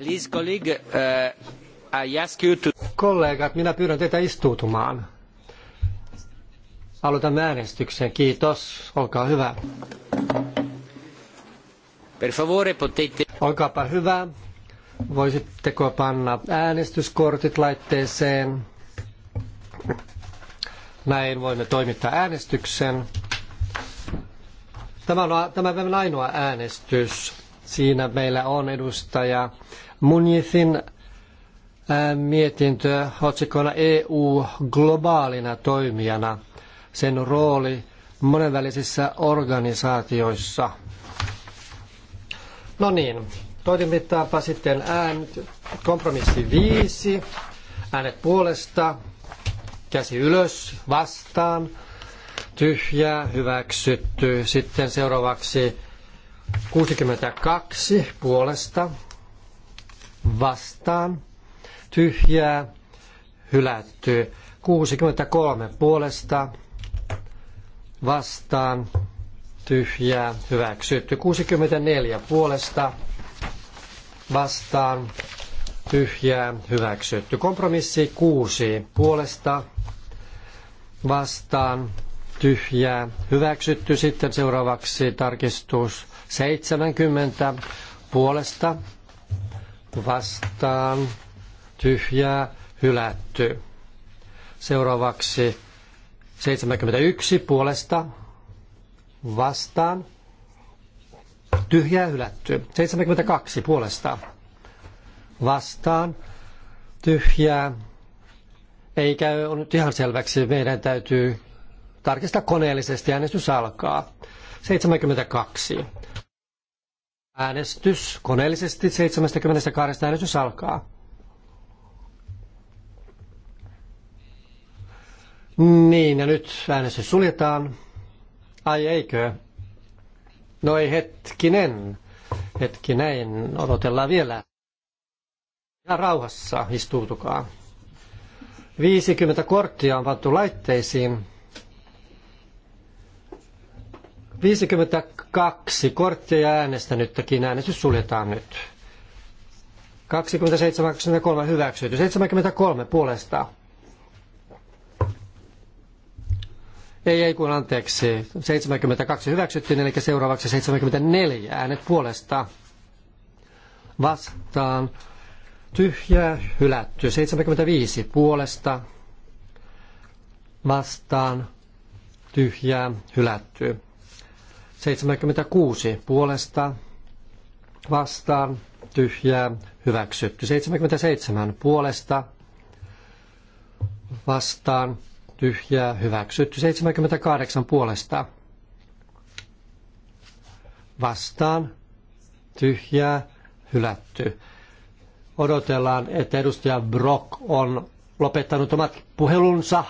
Uh, Kollegat, minä pyydän teitä istuutumaan. Aloitan äänestyksen. Kiitos. Olkaa hyvä. Per favore, potete... Olkaapa hyvä. Voisitteko panna äänestyskortit laitteeseen? Näin voimme toimittaa äänestyksen. Tämä on tämän päivän ainoa äänestys. Siinä meillä on edustaja Munjithin mietintö otsikona EU globaalina toimijana, sen rooli monenvälisissä organisaatioissa. No niin, toimittaanpa sitten äänet, kompromissi viisi, äänet puolesta, käsi ylös, vastaan, tyhjää, hyväksytty. Sitten seuraavaksi 62 puolesta vastaan tyhjää hylätty. 63 puolesta vastaan tyhjää hyväksytty. 64 puolesta vastaan tyhjää hyväksytty. Kompromissi 6 puolesta vastaan tyhjää hyväksytty. Sitten seuraavaksi tarkistus 70 puolesta vastaan tyhjää hylätty. Seuraavaksi 71 puolesta vastaan tyhjää hylätty. 72 puolesta vastaan tyhjää. Ei käy on nyt ihan selväksi. Meidän täytyy tarkistaa koneellisesti. Äänestys alkaa. 72. Äänestys koneellisesti 72 äänestys alkaa. Niin, ja nyt äänestys suljetaan. Ai eikö? No ei hetkinen. Hetkinen, odotellaan vielä. Ja rauhassa istuutukaa. 50 korttia on pantu laitteisiin. 52 korttia äänestänyttäkin. Äänestys suljetaan nyt. 27-23 hyväksytty. 73 puolesta. Ei, ei kun anteeksi. 72 hyväksyttiin, eli seuraavaksi 74 äänet puolesta. Vastaan. Tyhjää hylätty. 75 puolesta. Vastaan. Tyhjää hylätty. 76 puolesta vastaan tyhjää hyväksytty. 77 puolesta vastaan tyhjää hyväksytty. 78 puolesta vastaan tyhjää hylätty. Odotellaan, että edustaja Brock on lopettanut omat puhelunsa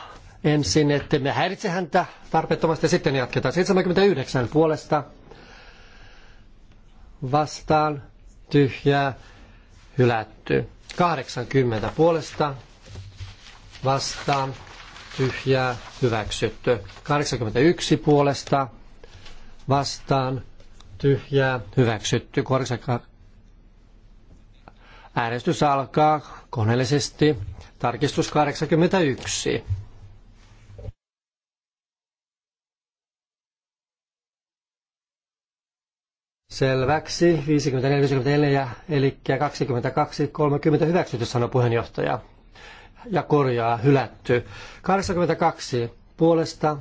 ensin, että me häiritse häntä tarpeettomasti ja sitten jatketaan. 79 puolesta vastaan tyhjää hylätty. 80 puolesta vastaan tyhjää hyväksytty. 81 puolesta vastaan tyhjää hyväksytty. 82 Äänestys alkaa koneellisesti. Tarkistus 81. Selväksi. 54-54, eli 22-30 hyväksytty, sanoi puheenjohtaja. Ja korjaa, hylätty. 82 puolesta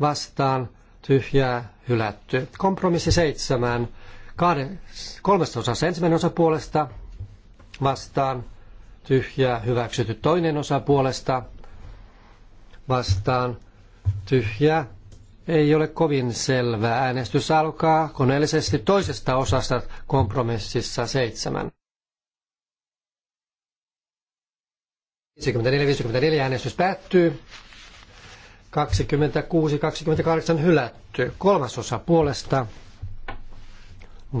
vastaan tyhjää hylätty. Kompromissi 7, kolmesta osassa ensimmäinen osa puolesta vastaan tyhjää hyväksytty. Toinen osa puolesta vastaan tyhjää ei ole kovin selvä. Äänestys alkaa koneellisesti toisesta osasta kompromississa seitsemän. 54-54 äänestys päättyy. 26-28 hylätty. Kolmas osa puolesta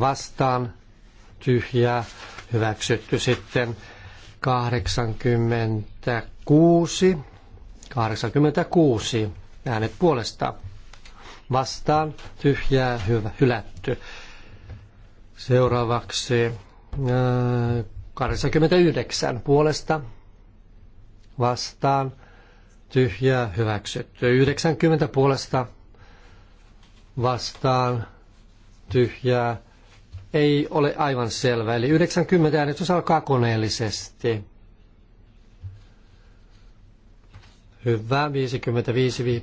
vastaan tyhjää hyväksytty sitten 86. 86 äänet puolesta vastaan tyhjää hyvä, hylätty. Seuraavaksi 89 äh, puolesta vastaan tyhjää hyväksytty. 90 puolesta vastaan tyhjää ei ole aivan selvä. Eli 90 äänestys alkaa koneellisesti. Hyvä, 55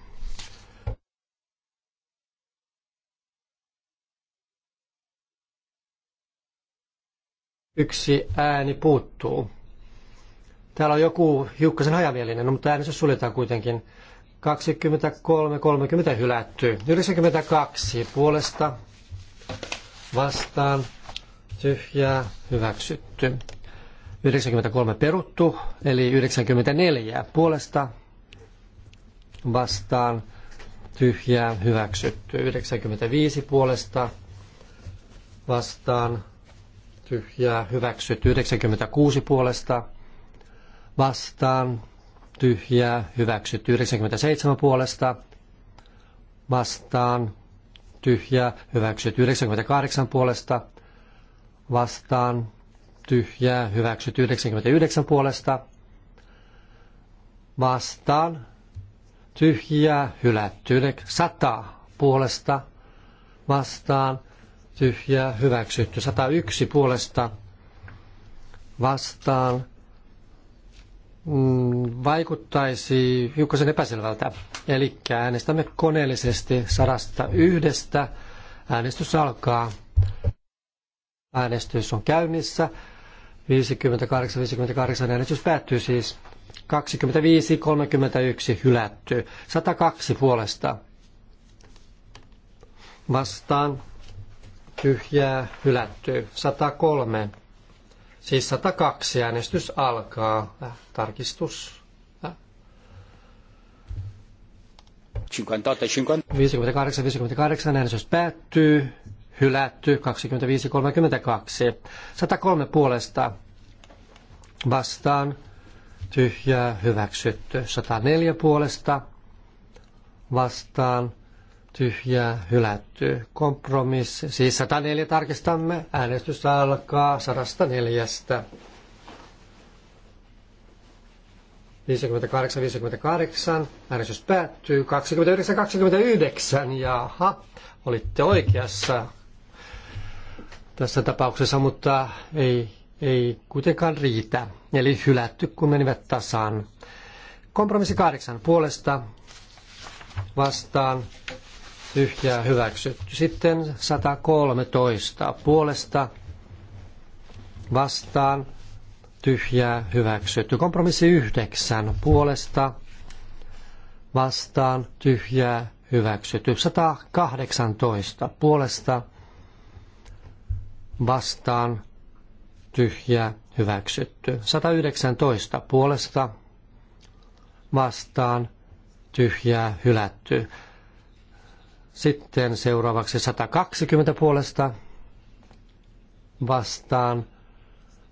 Yksi ääni puuttuu. Täällä on joku hiukkasen hajamielinen, no, mutta äänensä suljetaan kuitenkin. 23-30 hylättyy. 92 puolesta vastaan tyhjää hyväksytty. 93 peruttu, eli 94 puolesta vastaan tyhjää hyväksytty. 95 puolesta vastaan tyhjää hyväksytty 96 puolesta vastaan tyhjää hyväksytty 97 puolesta vastaan tyhjää hyväksytty 98 puolesta vastaan tyhjää hyväksytty 99 puolesta vastaan tyhjää hylätty 100 puolesta vastaan tyhjää hyväksytty. 101 puolesta vastaan mm, vaikuttaisi hiukkasen epäselvältä. Eli äänestämme koneellisesti 101. Äänestys alkaa. Äänestys on käynnissä. 58-58 äänestys päättyy siis. 25-31 hylätty. 102 puolesta. Vastaan tyhjää hylätty. 103, siis 102 äänestys alkaa. Äh, tarkistus. 58-58 äh. e äänestys päättyy. Hylätty 25-32. 103 puolesta vastaan tyhjää hyväksytty. 104 puolesta vastaan tyhjää hylätty. Kompromissi, siis 104 tarkistamme, äänestys alkaa 104. 58-58, äänestys päättyy 29-29, jaha, olitte oikeassa tässä tapauksessa, mutta ei, ei kuitenkaan riitä. Eli hylätty, kun menivät tasaan. Kompromissi kahdeksan puolesta vastaan tyhjää hyväksytty. Sitten 113 puolesta vastaan tyhjää hyväksytty. Kompromissi 9 puolesta vastaan tyhjää hyväksytty. 118 puolesta vastaan tyhjää hyväksytty. 119 puolesta vastaan tyhjää hylätty. Sitten seuraavaksi 120 puolesta vastaan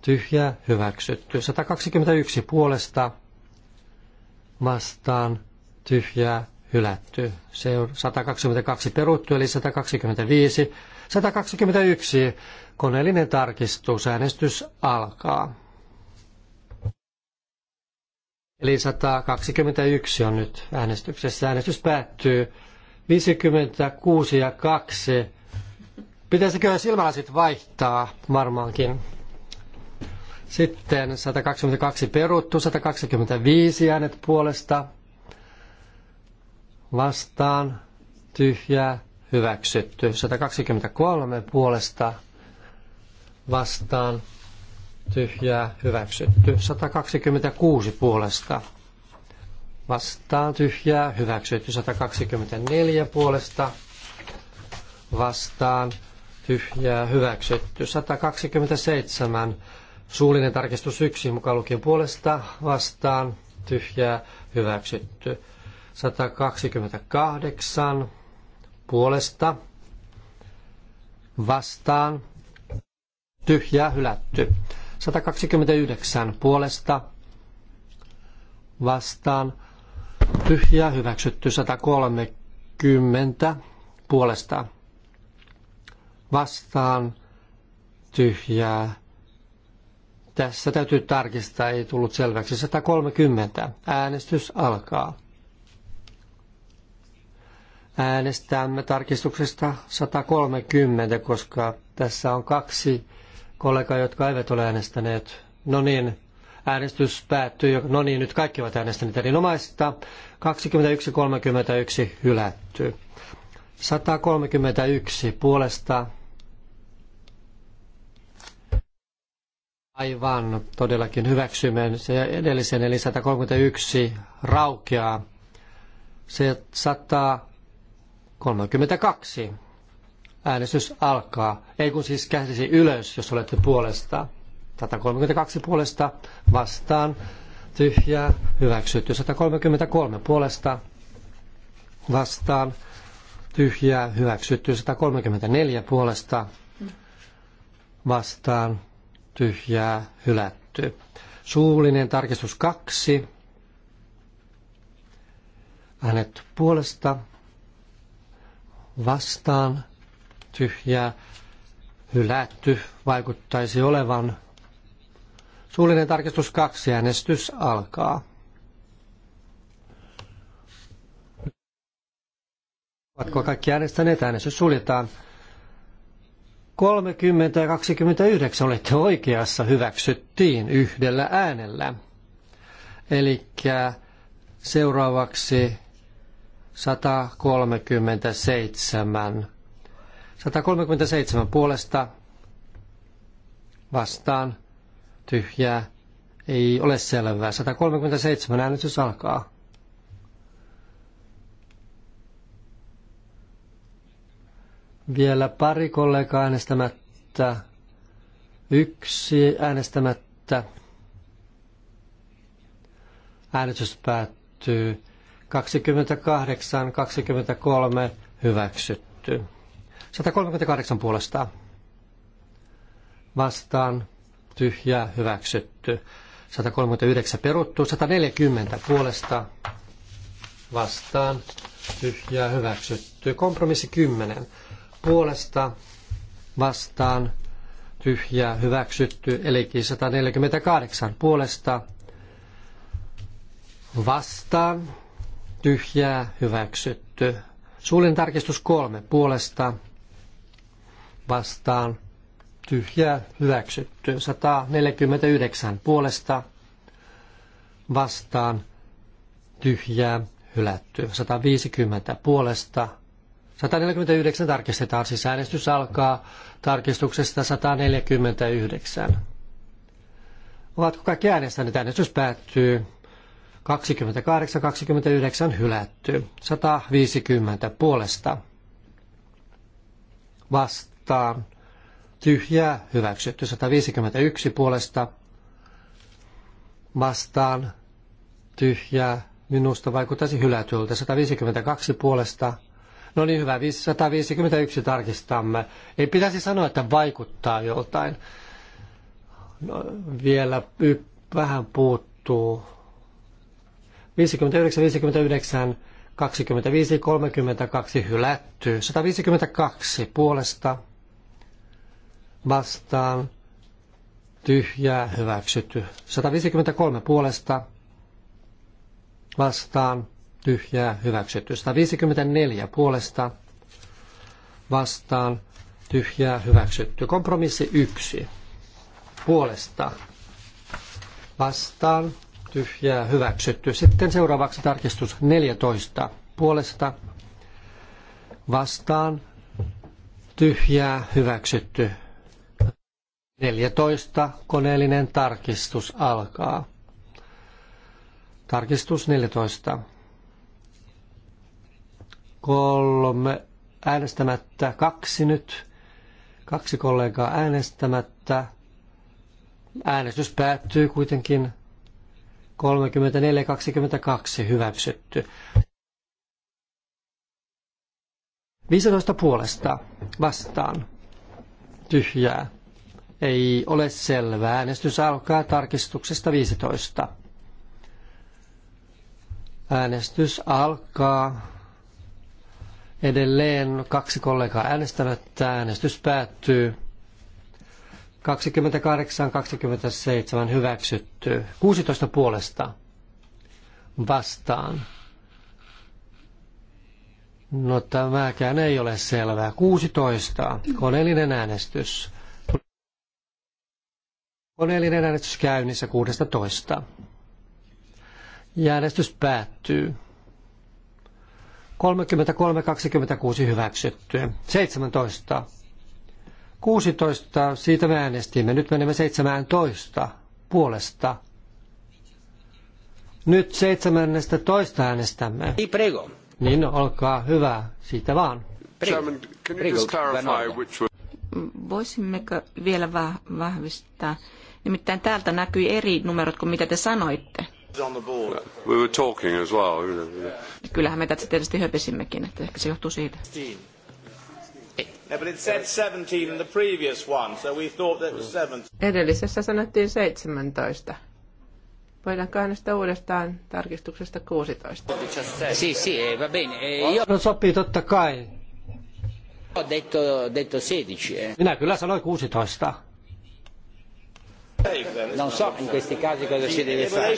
tyhjä hyväksytty. 121 puolesta vastaan tyhjää hylätty. Se on 122 peruttu, eli 125. 121 koneellinen tarkistus, äänestys alkaa. Eli 121 on nyt äänestyksessä. Äänestys päättyy. 56 ja 2. Pitäisikö silmälasit vaihtaa varmaankin? Sitten 122 peruttu, 125 äänet puolesta vastaan, tyhjää, hyväksytty. 123 puolesta vastaan, tyhjää, hyväksytty. 126 puolesta vastaan tyhjää, hyväksytty 124 puolesta vastaan tyhjää, hyväksytty 127 suullinen tarkistus 1 mukaan lukien puolesta vastaan tyhjää, hyväksytty 128 puolesta vastaan tyhjää, hylätty 129 puolesta vastaan tyhjää, hyväksytty 130 puolesta vastaan tyhjää. Tässä täytyy tarkistaa, ei tullut selväksi. 130. Äänestys alkaa. Äänestämme tarkistuksesta 130, koska tässä on kaksi kollegaa, jotka eivät ole äänestäneet. No niin, Äänestys päättyy. No niin, nyt kaikki ovat äänestäneet erinomaista. 21.31 hylätty. 131 puolesta. Aivan, todellakin hyväksymme se edellisen, eli 131 raukeaa. Se 132 äänestys alkaa. Ei kun siis käsisi ylös, jos olette puolesta. 132 puolesta vastaan tyhjää hyväksytty. 133 puolesta vastaan tyhjää hyväksytty. 134 puolesta vastaan tyhjää hylätty. Suullinen tarkistus 2. Hänet puolesta vastaan tyhjää hylätty vaikuttaisi olevan Suullinen tarkistus kaksi äänestys alkaa. Ovatko kaikki äänestäneet? Äänestys suljetaan. 30 ja 29 olette oikeassa, hyväksyttiin yhdellä äänellä. Eli seuraavaksi 137. 137 puolesta vastaan tyhjää, ei ole selvää. 137 äänestys alkaa. Vielä pari kollegaa äänestämättä. Yksi äänestämättä. Äänestys päättyy. 28-23 hyväksytty. 138 puolestaan. vastaan tyhjää hyväksytty. 139 peruttu, 140 puolesta vastaan tyhjää hyväksytty. Kompromissi 10 puolesta vastaan tyhjää hyväksytty, eli 148 puolesta vastaan tyhjää hyväksytty. Suullinen tarkistus kolme puolesta vastaan tyhjää hyväksytty. 149 puolesta vastaan tyhjää hylätty. 150 puolesta 149 tarkistetaan, siis äänestys alkaa tarkistuksesta 149. Ovatko kaikki äänestäneet? Äänestys päättyy. 28-29 hylätty. 150 puolesta vastaan tyhjää hyväksytty. 151 puolesta vastaan tyhjää minusta vaikuttaisi hylätyltä. 152 puolesta No niin hyvä, 151 tarkistamme. Ei pitäisi sanoa, että vaikuttaa joltain. No, vielä y- vähän puuttuu. 59, 59, 25, 32 hylätty. 152 puolesta vastaan tyhjää hyväksytty. 153 puolesta vastaan tyhjää hyväksytty. 154 puolesta vastaan tyhjää hyväksytty. Kompromissi 1 puolesta vastaan tyhjää hyväksytty. Sitten seuraavaksi tarkistus 14 puolesta vastaan tyhjää hyväksytty. 14. Koneellinen tarkistus alkaa. Tarkistus 14. Kolme äänestämättä, kaksi nyt, kaksi kollegaa äänestämättä. Äänestys päättyy kuitenkin 34.22 hyväksytty. 15 puolesta vastaan. Tyhjää ei ole selvää. Äänestys alkaa tarkistuksesta 15. Äänestys alkaa. Edelleen kaksi kollegaa äänestävät. Äänestys päättyy. 28-27 hyväksytty. 16 puolesta vastaan. No tämäkään ei ole selvää. 16. Koneellinen äänestys. Koneellinen äänestys käynnissä 16. Ja äänestys päättyy. 33-26 hyväksytty. 17. 16, siitä me äänestimme. Nyt menemme 17 puolesta. Nyt 17 äänestämme. Ei prego. Niin, olkaa hyvä. Siitä vaan. Prego. Voisimmeko vielä vahvistaa? Nimittäin täältä näkyi eri numerot kuin mitä te sanoitte. We were talking as well. Kyllähän me tätä tietysti höpisimmekin, että ehkä se johtuu siitä. Edellisessä sanottiin 17. Voidaanko äänestää uudestaan tarkistuksesta 16? Sì, sì, eh, va bene. Eh, io... No, no sopii totta kai. Ho detto, detto 16. Eh. Minä kyllä sanoin 16. Non so in questi casi cosa si deve fare.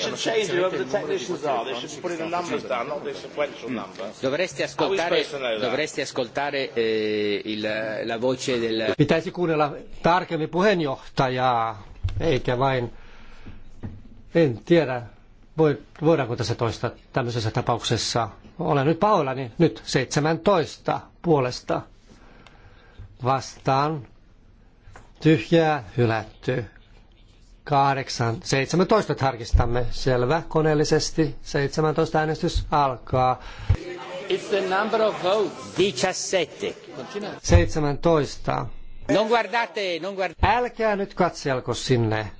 Mm. Dovresti ascoltare, dovresti ascoltare eh, il, la voce del... Pitäisi kuunnella tarkemmin puheenjohtajaa, eikä vain... En tiedä, voi, voidaanko tässä toista tämmöisessä tapauksessa. Olen nyt pahoillani, nyt 17 puolesta vastaan. Tyhjää hylättyä. 8, 17 tarkistamme. Selvä, koneellisesti. 17 äänestys alkaa. It's the number of votes. 17. 17. Non guardate, non guard... Älkää nyt katselko sinne.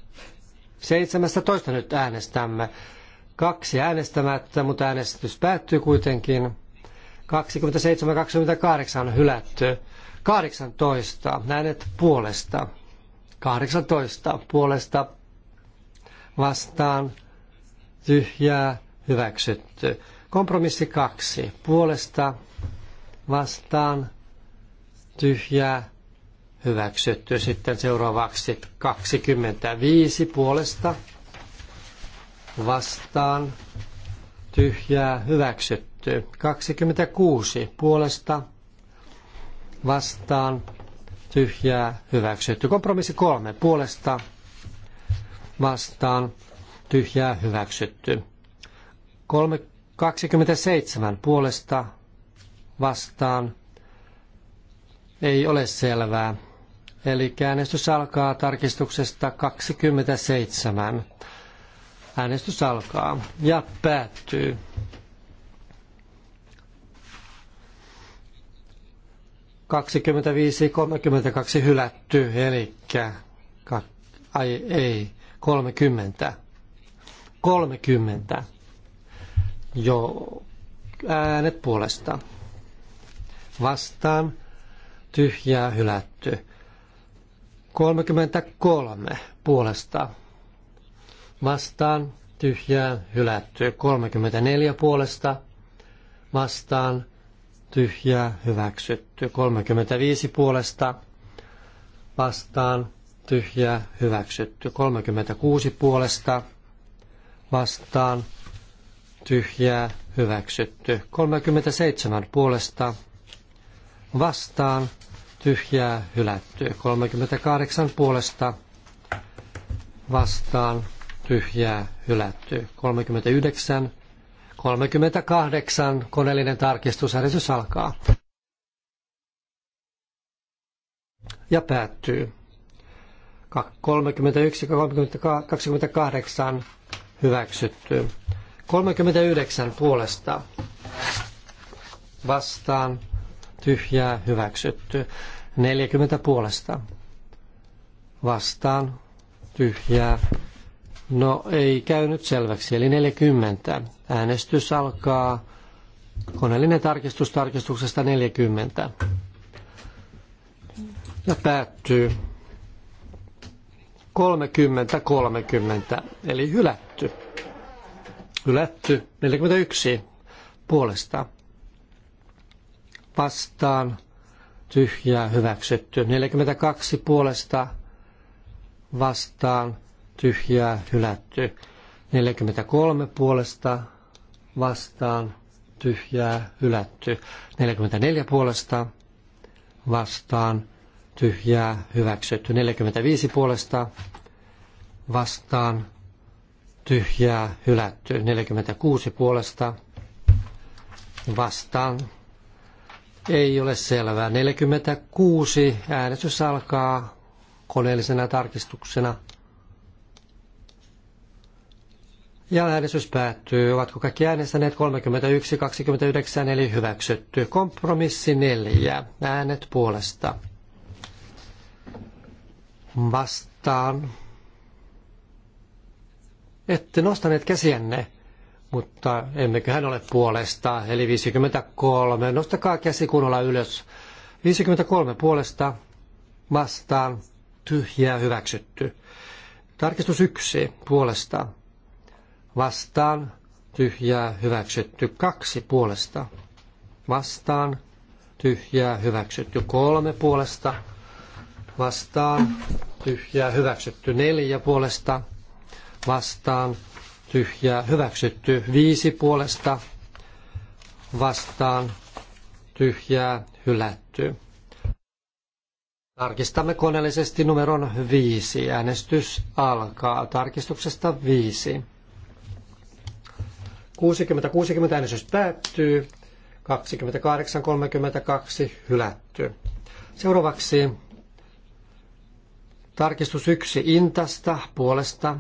17 nyt äänestämme. Kaksi äänestämättä, mutta äänestys päättyy kuitenkin. 27-28 on hylätty. 18 äänet puolesta. 18 puolesta vastaan tyhjää hyväksytty. Kompromissi kaksi puolesta vastaan tyhjää hyväksytty. Sitten seuraavaksi 25 puolesta vastaan tyhjää hyväksytty. 26 puolesta vastaan tyhjää hyväksytty. Kompromissi kolme puolesta vastaan tyhjää hyväksytty. 3, 27 puolesta vastaan ei ole selvää. Eli äänestys alkaa tarkistuksesta 27. Äänestys alkaa ja päättyy. Kaksikymmentäviisi, kolmekymmentäkaksi hylätty, eli ai ei. 30. 30. Jo äänet puolesta. Vastaan tyhjää hylätty. 33 puolesta. Vastaan tyhjää hylätty. 34 puolesta. Vastaan tyhjää hyväksytty. 35 puolesta. Vastaan tyhjää hyväksytty. 36 puolesta vastaan tyhjää hyväksytty. 37 puolesta vastaan tyhjää hylätty. 38 puolesta vastaan tyhjää hylätty. 39 38 koneellinen tarkistusäänestys alkaa ja päättyy. 31-28 hyväksytty. 39 puolesta vastaan tyhjää hyväksytty. 40 puolesta vastaan tyhjää. No ei käynyt selväksi, eli 40. Äänestys alkaa. Koneellinen tarkistus tarkistuksesta 40. Ja päättyy. 30-30, eli hylätty. Hylätty 41 puolesta. Vastaan tyhjää hyväksytty. 42 puolesta vastaan tyhjää hylätty. 43 puolesta vastaan tyhjää hylätty. 44 puolesta vastaan tyhjää hyväksytty. 45 puolesta vastaan tyhjää hylätty. 46 puolesta vastaan ei ole selvää. 46 äänestys alkaa koneellisena tarkistuksena. Ja äänestys päättyy. Ovatko kaikki äänestäneet 31, 29, eli hyväksytty. Kompromissi 4. Äänet puolesta vastaan. Ette nostaneet käsiänne, mutta emmeköhän ole puolesta, eli 53. Nostakaa käsi kunnolla ylös. 53 puolesta vastaan, tyhjää hyväksytty. Tarkistus 1 puolesta vastaan, tyhjää hyväksytty. Kaksi puolesta vastaan, tyhjää hyväksytty. Kolme puolesta vastaan, tyhjää hyväksytty neljä puolesta, vastaan, tyhjää hyväksytty viisi puolesta, vastaan, tyhjää hylätty. Tarkistamme koneellisesti numeron viisi. Äänestys alkaa tarkistuksesta viisi. 60-60 äänestys päättyy. 28-32 hylätty. Seuraavaksi Tarkistus yksi intasta puolesta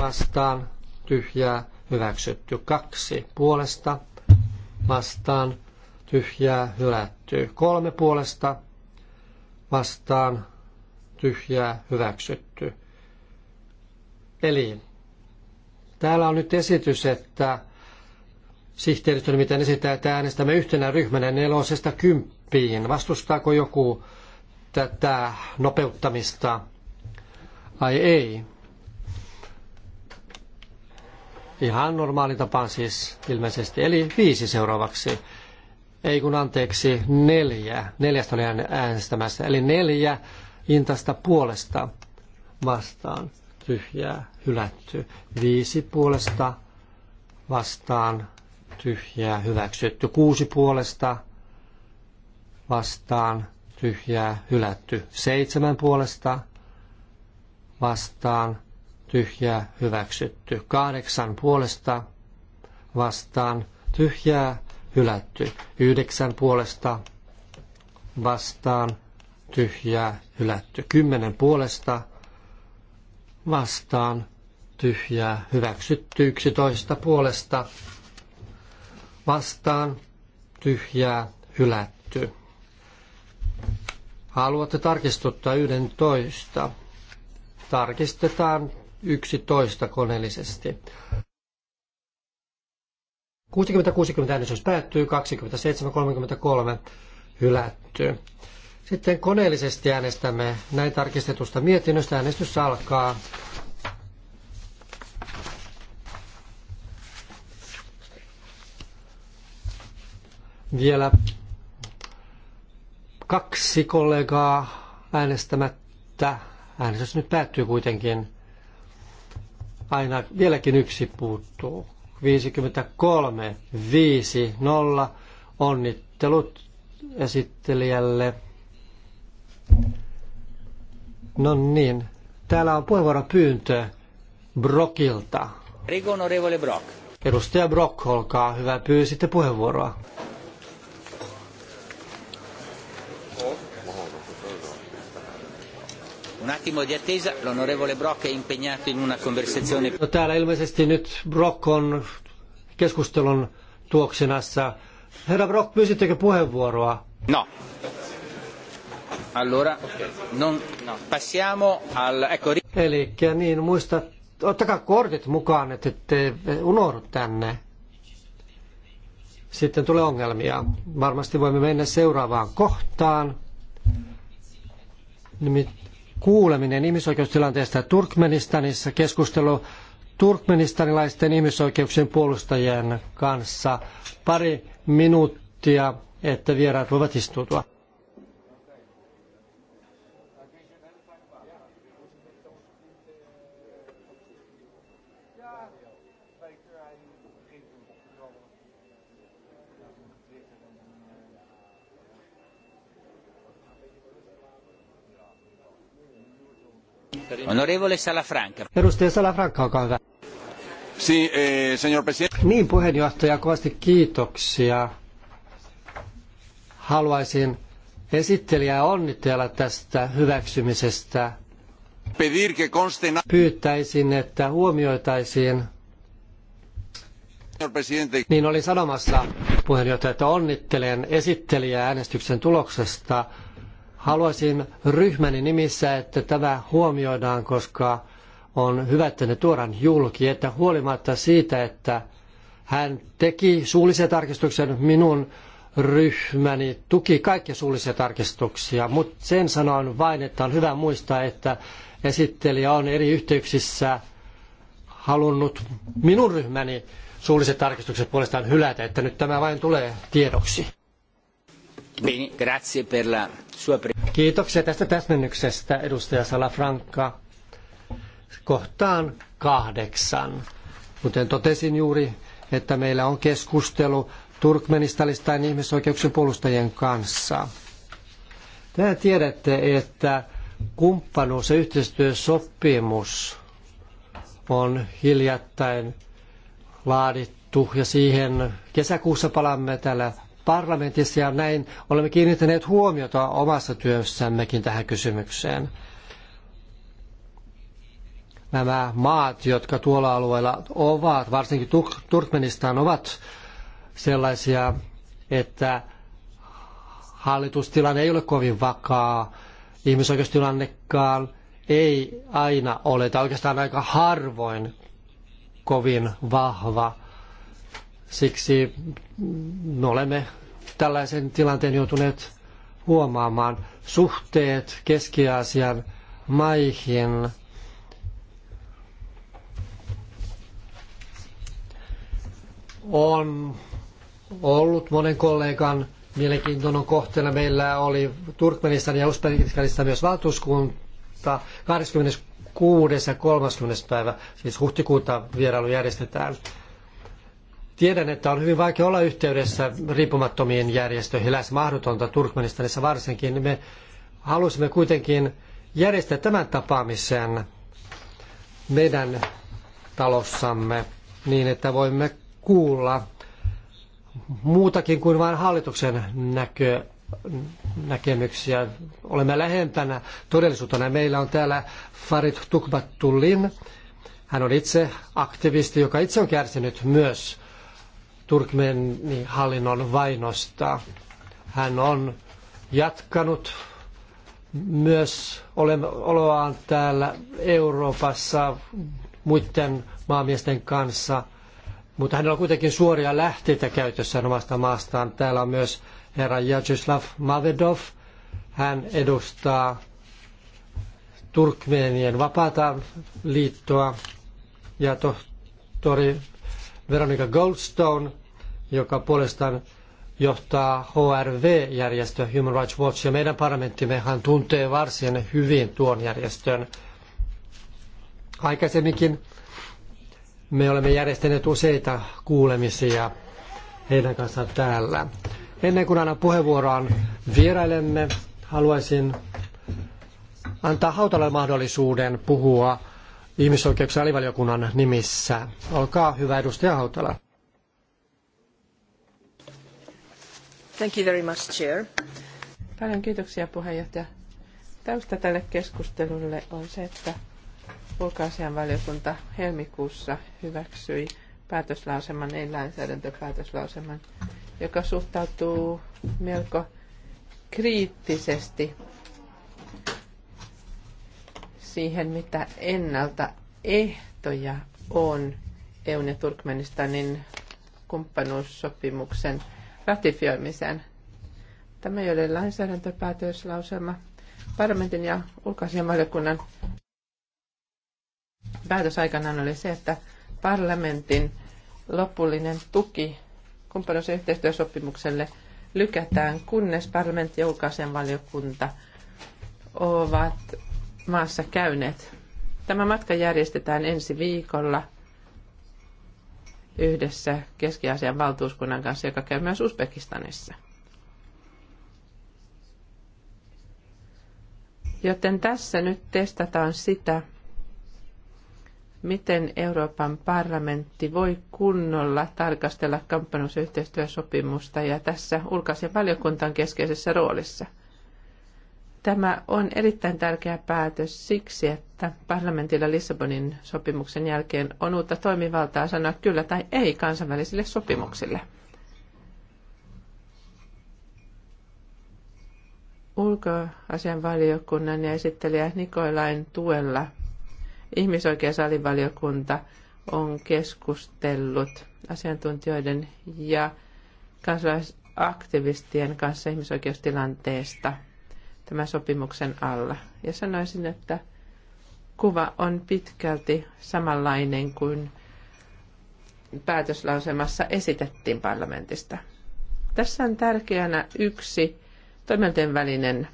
vastaan tyhjää hyväksytty. Kaksi puolesta vastaan tyhjää hylätty. Kolme puolesta vastaan tyhjää hyväksytty. Eli täällä on nyt esitys, että sihteeristön, miten esittää, että äänestämme yhtenä ryhmänä nelosesta kymppiin. Vastustaako joku tätä nopeuttamista? Ai ei. Ihan normaali tapaan siis ilmeisesti. Eli viisi seuraavaksi. Ei kun anteeksi, neljä. Neljästä oli äänestämässä. Eli neljä intasta puolesta vastaan. Tyhjää, hylätty. Viisi puolesta vastaan. Tyhjää, hyväksytty. Kuusi puolesta vastaan. Tyhjää, hylätty. Seitsemän puolesta vastaan tyhjää hyväksytty. Kahdeksan puolesta vastaan tyhjää hylätty. Yhdeksän puolesta vastaan tyhjää hylätty. Kymmenen puolesta vastaan tyhjää hyväksytty. Yksitoista puolesta vastaan tyhjää hylätty. Haluatte tarkistuttaa yhden toista tarkistetaan toista koneellisesti. 60-60 äänestys päättyy, 27-33 hylättyy. Sitten koneellisesti äänestämme näin tarkistetusta mietinnöstä. Äänestys alkaa. Vielä kaksi kollegaa äänestämättä. Äänestys nyt päättyy kuitenkin. Aina vieläkin yksi puuttuu. 53, 5, 0. Onnittelut esittelijälle. No niin, täällä on puheenvuoropyyntö Brokilta. Brock. Edustaja Brock, olkaa hyvä, pyysitte puheenvuoroa. Un attimo di attesa, l'onorevole Brock è impegnato in una conversazione. No, täällä ilmeisesti nyt Brock on keskustelun tuoksinassa. Herra Brock, pyysittekö puheenvuoroa? No. Allora, okay. non, no. passiamo al... Ecco... ri- Eli niin, muista, ottakaa kortit mukaan, että ette unohdu tänne. Sitten tulee ongelmia. Varmasti voimme mennä seuraavaan kohtaan. Nimittäin kuuleminen ihmisoikeustilanteesta Turkmenistanissa, keskustelu turkmenistanilaisten ihmisoikeuksien puolustajien kanssa. Pari minuuttia, että vieraat voivat istuutua. Onorevole Salafranca. Edustaja Salafranca, olkaa hyvä. Si, eh, señor presidente. Niin, puheenjohtaja, kovasti kiitoksia. Haluaisin esittelijää onnitella tästä hyväksymisestä. Pyytäisin, että huomioitaisiin. Niin oli sanomassa puheenjohtaja, että onnittelen esittelijää äänestyksen tuloksesta. Haluaisin ryhmäni nimissä, että tämä huomioidaan, koska on hyvä, että ne tuodaan julki, että huolimatta siitä, että hän teki suullisen tarkistuksen, minun ryhmäni tuki kaikkia suullisia tarkistuksia, mutta sen sanon vain, että on hyvä muistaa, että esittelijä on eri yhteyksissä halunnut minun ryhmäni suulliset tarkistukset puolestaan hylätä, että nyt tämä vain tulee tiedoksi. Bene, grazie per la sua Kiitoksia tästä täsmennyksestä, edustaja Salafranca. Kohtaan kahdeksan. Kuten totesin juuri, että meillä on keskustelu Turkmenistalistain ihmisoikeuksien puolustajien kanssa. Tämä tiedätte, että kumppanuus- ja yhteistyösopimus on hiljattain laadittu ja siihen kesäkuussa palaamme täällä parlamentissa ja näin olemme kiinnittäneet huomiota omassa työssämmekin tähän kysymykseen. Nämä maat, jotka tuolla alueella ovat, varsinkin Turkmenistan, ovat sellaisia, että hallitustilanne ei ole kovin vakaa, ihmisoikeustilannekaan ei aina ole, tai oikeastaan aika harvoin kovin vahva – Siksi me olemme tällaisen tilanteen joutuneet huomaamaan. Suhteet Keski-Aasian maihin on ollut monen kollegan mielenkiintoinen kohteena. Meillä oli Turkmenistan ja Uzbekistanista myös valtuuskunta 26. ja 30. päivä, siis huhtikuuta vierailu järjestetään. Tiedän, että on hyvin vaikea olla yhteydessä riippumattomiin järjestöihin, lähes mahdotonta Turkmenistanissa varsinkin. Me halusimme kuitenkin järjestää tämän tapaamisen meidän talossamme niin, että voimme kuulla muutakin kuin vain hallituksen näkö, näkemyksiä. Olemme lähempänä todellisuutta. Meillä on täällä Farid Tukbatullin, Hän on itse aktivisti, joka itse on kärsinyt myös Turkmenin vainosta. Hän on jatkanut myös oloaan täällä Euroopassa muiden maamiesten kanssa, mutta hänellä on kuitenkin suoria lähteitä käytössä omasta maastaan. Täällä on myös herra Jajislav Mavedov. Hän edustaa Turkmeenien vapaata liittoa ja tohtori Veronica Goldstone, joka puolestaan johtaa HRV-järjestö Human Rights Watch, ja meidän parlamenttimmehan tuntee varsin hyvin tuon järjestön. Aikaisemminkin me olemme järjestäneet useita kuulemisia heidän kanssaan täällä. Ennen kuin annan puheenvuoroon vierailemme, haluaisin antaa Hautalle mahdollisuuden puhua ihmisoikeuksien alivaliokunnan nimissä. Olkaa hyvä, edustaja Hautala. Thank you very much, Chair. Paljon kiitoksia puheenjohtaja. Tausta tälle keskustelulle on se, että ulkoasianvaliokunta helmikuussa hyväksyi päätöslauseman, ei lainsäädäntöpäätöslauseman, joka suhtautuu melko kriittisesti siihen, mitä ennalta ehtoja on EUn ja Turkmenistanin kumppanuussopimuksen ratifioimiseen. Tämä ei ole lainsäädäntöpäätöslauselma. Parlamentin ja ulkoasianvaliokunnan päätös aikanaan oli se, että parlamentin lopullinen tuki kumppanuus- ja yhteistyösopimukselle lykätään, kunnes parlamentti ja ulkoasianvaliokunta ovat maassa käyneet. Tämä matka järjestetään ensi viikolla yhdessä Keski-Aasian valtuuskunnan kanssa, joka käy myös Uzbekistanissa. Joten tässä nyt testataan sitä, miten Euroopan parlamentti voi kunnolla tarkastella kampanjusyhteistyösopimusta ja tässä ulkoisen valiokunta on keskeisessä roolissa – Tämä on erittäin tärkeä päätös siksi, että parlamentilla Lissabonin sopimuksen jälkeen on uutta toimivaltaa sanoa kyllä tai ei kansainvälisille sopimuksille. Ulkoasianvaliokunnan ja esittelijä Nikolain tuella ihmisoikeusalivaliokunta on keskustellut asiantuntijoiden ja kansalaisaktivistien kanssa ihmisoikeustilanteesta – tämän sopimuksen alla. Ja sanoisin, että kuva on pitkälti samanlainen kuin päätöslausemassa esitettiin parlamentista. Tässä on tärkeänä yksi toimintojen välinen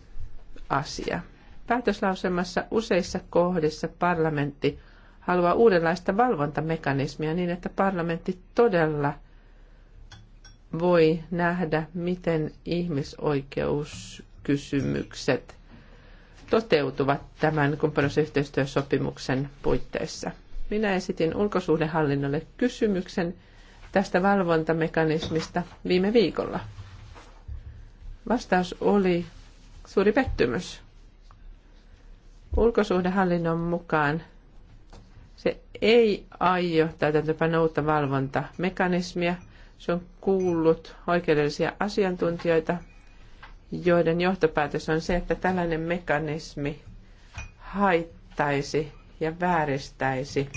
asia. Päätöslausemassa useissa kohdissa parlamentti haluaa uudenlaista valvontamekanismia niin, että parlamentti todella voi nähdä, miten ihmisoikeus kysymykset toteutuvat tämän kumppanuusyhteistyösopimuksen puitteissa. Minä esitin ulkosuhdehallinnolle kysymyksen tästä valvontamekanismista viime viikolla. Vastaus oli suuri pettymys. Ulkosuhdehallinnon mukaan se ei aio täytäntöpä uutta valvontamekanismia. Se on kuullut oikeudellisia asiantuntijoita joiden johtopäätös on se, että tällainen mekanismi haittaisi ja vääristäisi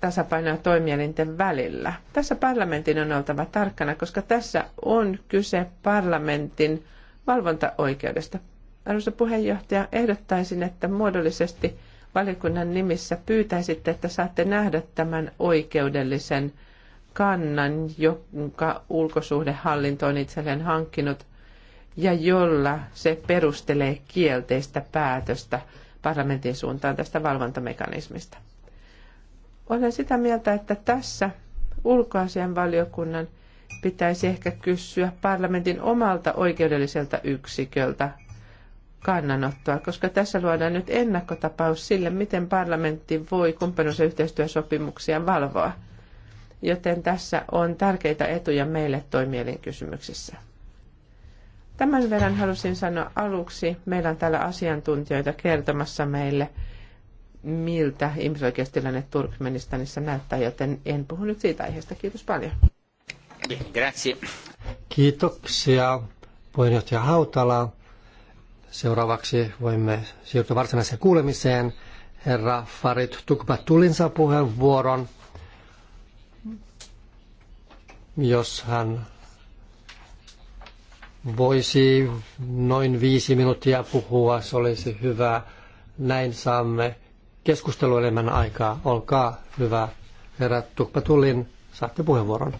tasapainoa toimielinten välillä. Tässä parlamentin on oltava tarkkana, koska tässä on kyse parlamentin valvontaoikeudesta. Arvoisa puheenjohtaja, ehdottaisin, että muodollisesti valiokunnan nimissä pyytäisitte, että saatte nähdä tämän oikeudellisen kannan, jonka ulkosuhdehallinto on itselleen hankkinut ja jolla se perustelee kielteistä päätöstä parlamentin suuntaan tästä valvontamekanismista. Olen sitä mieltä, että tässä ulkoasianvaliokunnan pitäisi ehkä kysyä parlamentin omalta oikeudelliselta yksiköltä kannanottoa, koska tässä luodaan nyt ennakkotapaus sille, miten parlamentti voi kumppanuus- ja yhteistyösopimuksia valvoa – joten tässä on tärkeitä etuja meille toimielin kysymyksissä. Tämän verran halusin sanoa aluksi. Meillä on täällä asiantuntijoita kertomassa meille, miltä ihmisoikeustilanne Turkmenistanissa näyttää, joten en puhu nyt siitä aiheesta. Kiitos paljon. Grazie. Kiitoksia puheenjohtaja Hautala. Seuraavaksi voimme siirtyä varsinaiseen kuulemiseen. Herra Farid Tukba Tulinsa puheenvuoron jos hän voisi noin viisi minuuttia puhua, se olisi hyvä. Näin saamme keskusteluelämän aikaa. Olkaa hyvä, herra Tullin, saatte puheenvuoron.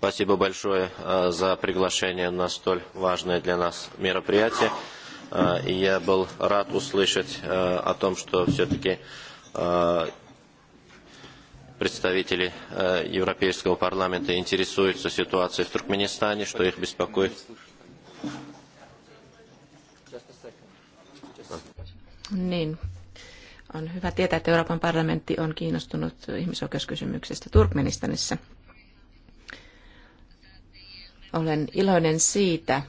Спасибо большое за приглашение на столь важное для нас мероприятие. И я был рад услышать о том, что все-таки представители Европейского парламента интересуются ситуацией в Туркменистане, что их беспокоит. Niin. On hyvä tietää, että Euroopan parlamentti on kiinnostunut ihmisoikeuskysymyksestä Turkmenistanissa. Olen iloinen siitä,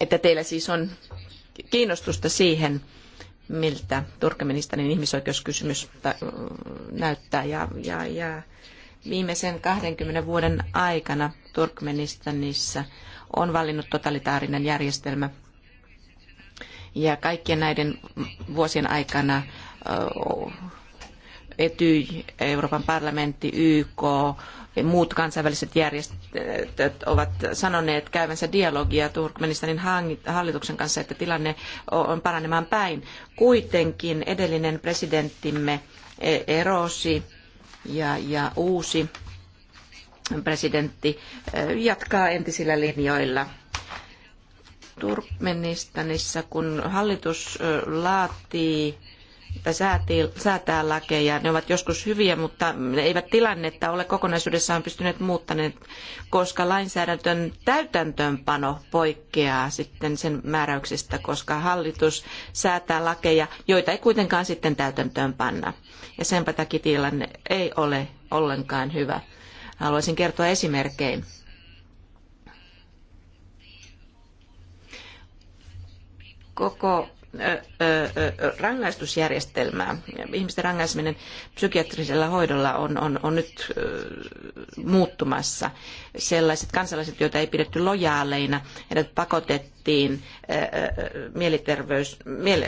että teillä siis on kiinnostusta siihen, miltä Turkmenistanin ihmisoikeuskysymys näyttää. Ja, ja, ja viimeisen 20 vuoden aikana Turkmenistanissa on valinnut totalitaarinen järjestelmä. Ja kaikkien näiden vuosien aikana Etyj, Euroopan parlamentti, YK ja muut kansainväliset järjestöt ovat sanoneet käyvänsä dialogia Turkmenistanin hallituksen kanssa, että tilanne on paranemaan päin. Kuitenkin edellinen presidenttimme e- erosi ja, ja uusi presidentti e, jatkaa entisillä linjoilla. Turkmenistanissa, kun hallitus e, laatii että säätii, säätää lakeja. Ne ovat joskus hyviä, mutta ne eivät tilannetta ole kokonaisuudessaan pystyneet muuttaneet, koska lainsäädäntön täytäntöönpano poikkeaa sitten sen määräyksistä, koska hallitus säätää lakeja, joita ei kuitenkaan sitten täytäntöönpanna. Ja senpä takia tilanne ei ole ollenkaan hyvä. Haluaisin kertoa esimerkkein. Koko rangaistusjärjestelmää. Ihmisten rangaistaminen psykiatrisella hoidolla on, on, on nyt muuttumassa. Sellaiset kansalaiset, joita ei pidetty lojaaleina, heidät pakotettiin mieliterveys, miel,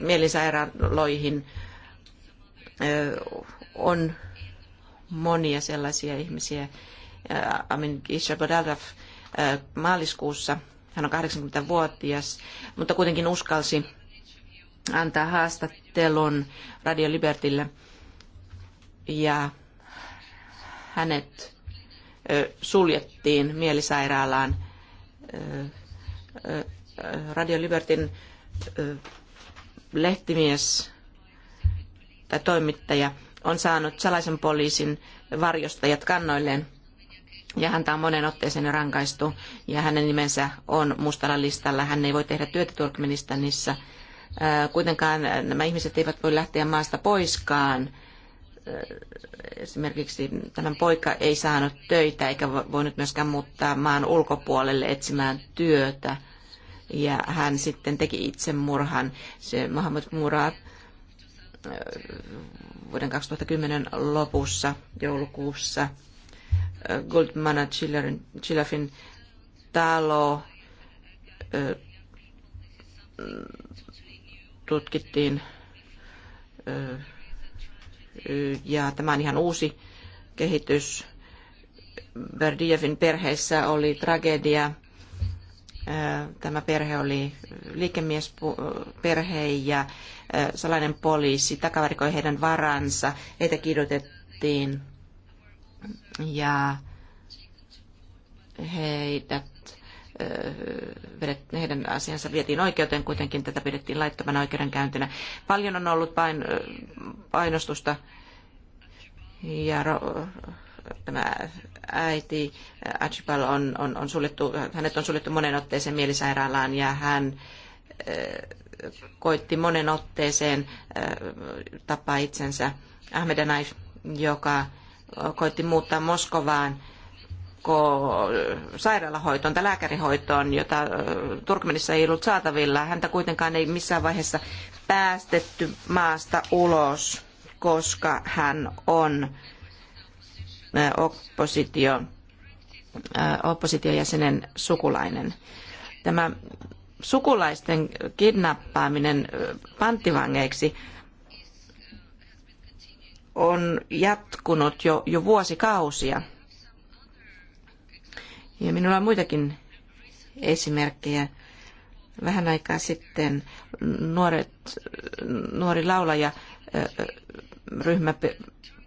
mielisairaaloihin. On monia sellaisia ihmisiä. Amin Ishabodalraf maaliskuussa hän on 80-vuotias, mutta kuitenkin uskalsi antaa haastattelun Radio Libertille ja hänet suljettiin mielisairaalaan. Radio Libertin lehtimies tai toimittaja on saanut salaisen poliisin varjostajat kannoilleen ja häntä on monen otteeseen jo rankaistu ja hänen nimensä on mustalla listalla. Hän ei voi tehdä työtä Turkmenistanissa Äh, kuitenkaan nämä ihmiset eivät voi lähteä maasta poiskaan. Äh, esimerkiksi tämän poika ei saanut töitä eikä voinut myöskään muuttaa maan ulkopuolelle etsimään työtä. Ja hän sitten teki itsemurhan. Se Mohamed Murad äh, vuoden 2010 lopussa, joulukuussa, Goldman Chilafin talo tutkittiin. Ja tämä on ihan uusi kehitys. Berdievin perheessä oli tragedia. Tämä perhe oli liikemiesperhe ja salainen poliisi takavarikoi heidän varansa. Heitä kidutettiin ja heidät heidän asiansa vietiin oikeuteen, kuitenkin tätä pidettiin laittomana oikeudenkäyntinä. Paljon on ollut pain, painostusta ja ro, tämä äiti Archibald on, on, on suljettu, hänet on suljettu monen otteeseen mielisairaalaan ja hän koitti monen otteeseen tapaa itsensä Ahmed joka koitti muuttaa Moskovaan pakko sairaalahoitoon tai lääkärihoitoon, jota Turkmenissa ei ollut saatavilla. Häntä kuitenkaan ei missään vaiheessa päästetty maasta ulos, koska hän on oppositio, oppositiojäsenen sukulainen. Tämä sukulaisten kidnappaaminen panttivangeiksi on jatkunut jo, jo vuosikausia ja minulla on muitakin esimerkkejä. Vähän aikaa sitten nuoret, nuori laulaja ryhmä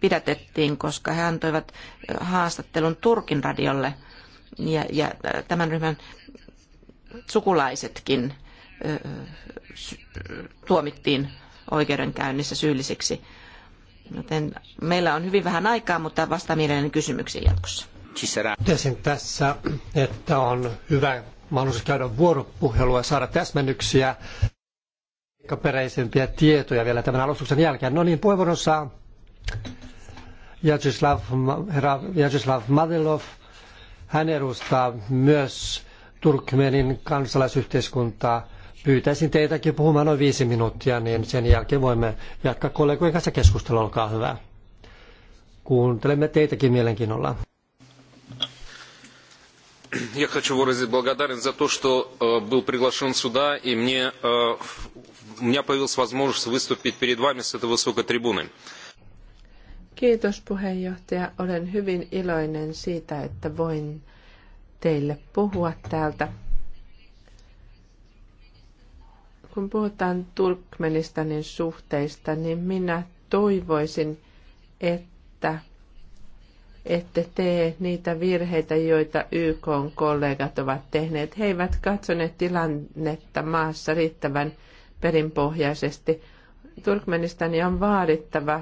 pidätettiin, koska he antoivat haastattelun Turkin radiolle ja, ja tämän ryhmän sukulaisetkin tuomittiin oikeudenkäynnissä syyllisiksi. Joten meillä on hyvin vähän aikaa, mutta vastamielinen kysymyksiin jatkossa. Totesin tässä, että on hyvä mahdollisuus käydä vuoropuhelua ja saada täsmennyksiä peräisempiä tietoja vielä tämän alustuksen jälkeen. No niin, puheenvuoron saa herra Jacislav Madelov. Hän edustaa myös Turkmenin kansalaisyhteiskuntaa. Pyytäisin teitäkin puhumaan noin viisi minuuttia, niin sen jälkeen voimme jatkaa kollegojen kanssa keskustelua. Olkaa hyvä. Kuuntelemme teitäkin mielenkiinnolla. я хочу выразить благодарность за то, что э, был приглашен сюда, и мне, э, у меня появилась возможность выступить перед вами с этой высокой трибуны. Kiitos puheenjohtaja. Olen hyvin iloinen siitä, että voin teille puhua täältä. Kun puhutaan Turkmenistanin suhteista, niin minä toivoisin, että ette tee niitä virheitä, joita YK kollegat ovat tehneet. He eivät katsoneet tilannetta maassa riittävän perinpohjaisesti. Turkmenistani on vaadittava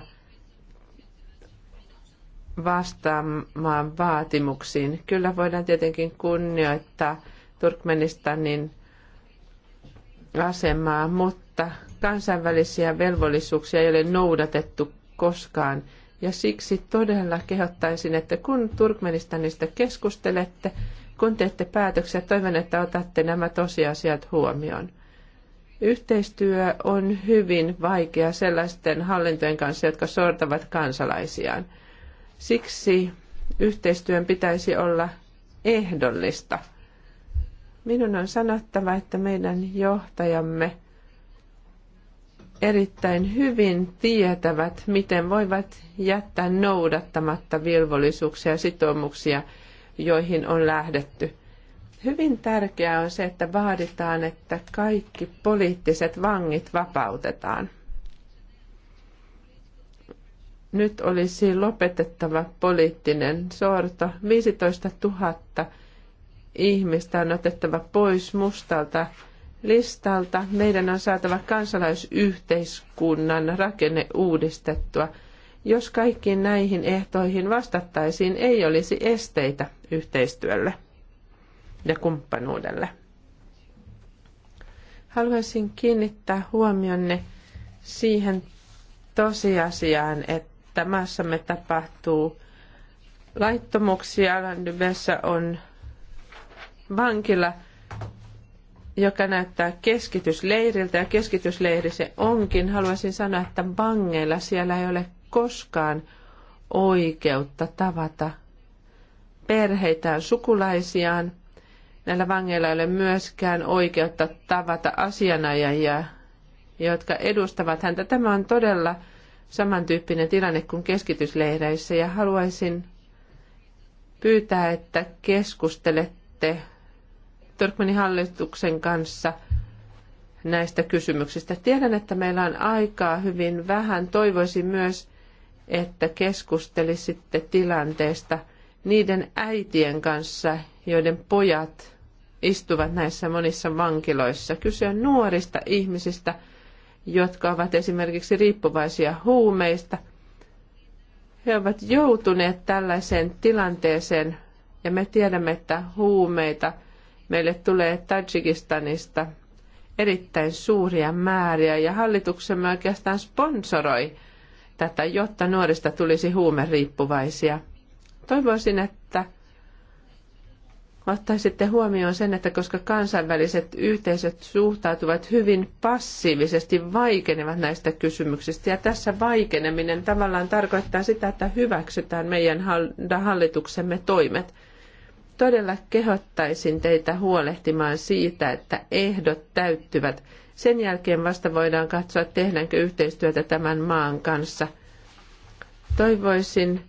vastaamaan vaatimuksiin. Kyllä voidaan tietenkin kunnioittaa Turkmenistanin asemaa, mutta kansainvälisiä velvollisuuksia ei ole noudatettu koskaan – ja siksi todella kehottaisin, että kun Turkmenistanista keskustelette, kun teette päätöksiä, toivon, että otatte nämä tosiasiat huomioon. Yhteistyö on hyvin vaikea sellaisten hallintojen kanssa, jotka sortavat kansalaisiaan. Siksi yhteistyön pitäisi olla ehdollista. Minun on sanottava, että meidän johtajamme erittäin hyvin tietävät, miten voivat jättää noudattamatta velvollisuuksia ja sitoumuksia, joihin on lähdetty. Hyvin tärkeää on se, että vaaditaan, että kaikki poliittiset vangit vapautetaan. Nyt olisi lopetettava poliittinen sorto. 15 000 ihmistä on otettava pois mustalta listalta meidän on saatava kansalaisyhteiskunnan rakenne uudistettua. Jos kaikkiin näihin ehtoihin vastattaisiin, ei olisi esteitä yhteistyölle ja kumppanuudelle. Haluaisin kiinnittää huomionne siihen tosiasiaan, että maassamme tapahtuu laittomuksia. Landybessä on vankila joka näyttää keskitysleiriltä ja keskitysleiri se onkin. Haluaisin sanoa, että bangeilla siellä ei ole koskaan oikeutta tavata perheitään, sukulaisiaan. Näillä vangeilla ei ole myöskään oikeutta tavata asianajajia, jotka edustavat häntä. Tämä on todella samantyyppinen tilanne kuin keskitysleireissä ja haluaisin pyytää, että keskustelette Turkmenin hallituksen kanssa näistä kysymyksistä. Tiedän, että meillä on aikaa hyvin vähän. Toivoisin myös, että keskustelisitte tilanteesta niiden äitien kanssa, joiden pojat istuvat näissä monissa vankiloissa. Kyse on nuorista ihmisistä, jotka ovat esimerkiksi riippuvaisia huumeista. He ovat joutuneet tällaiseen tilanteeseen ja me tiedämme, että huumeita Meille tulee Tajikistanista erittäin suuria määriä ja hallituksemme oikeastaan sponsoroi tätä, jotta nuorista tulisi huumeriippuvaisia. Toivoisin, että ottaisitte huomioon sen, että koska kansainväliset yhteisöt suhtautuvat hyvin passiivisesti, vaikenevat näistä kysymyksistä. Ja tässä vaikeneminen tavallaan tarkoittaa sitä, että hyväksytään meidän hallituksemme toimet – Todella kehottaisin teitä huolehtimaan siitä, että ehdot täyttyvät. Sen jälkeen vasta voidaan katsoa, tehdäänkö yhteistyötä tämän maan kanssa. Toivoisin,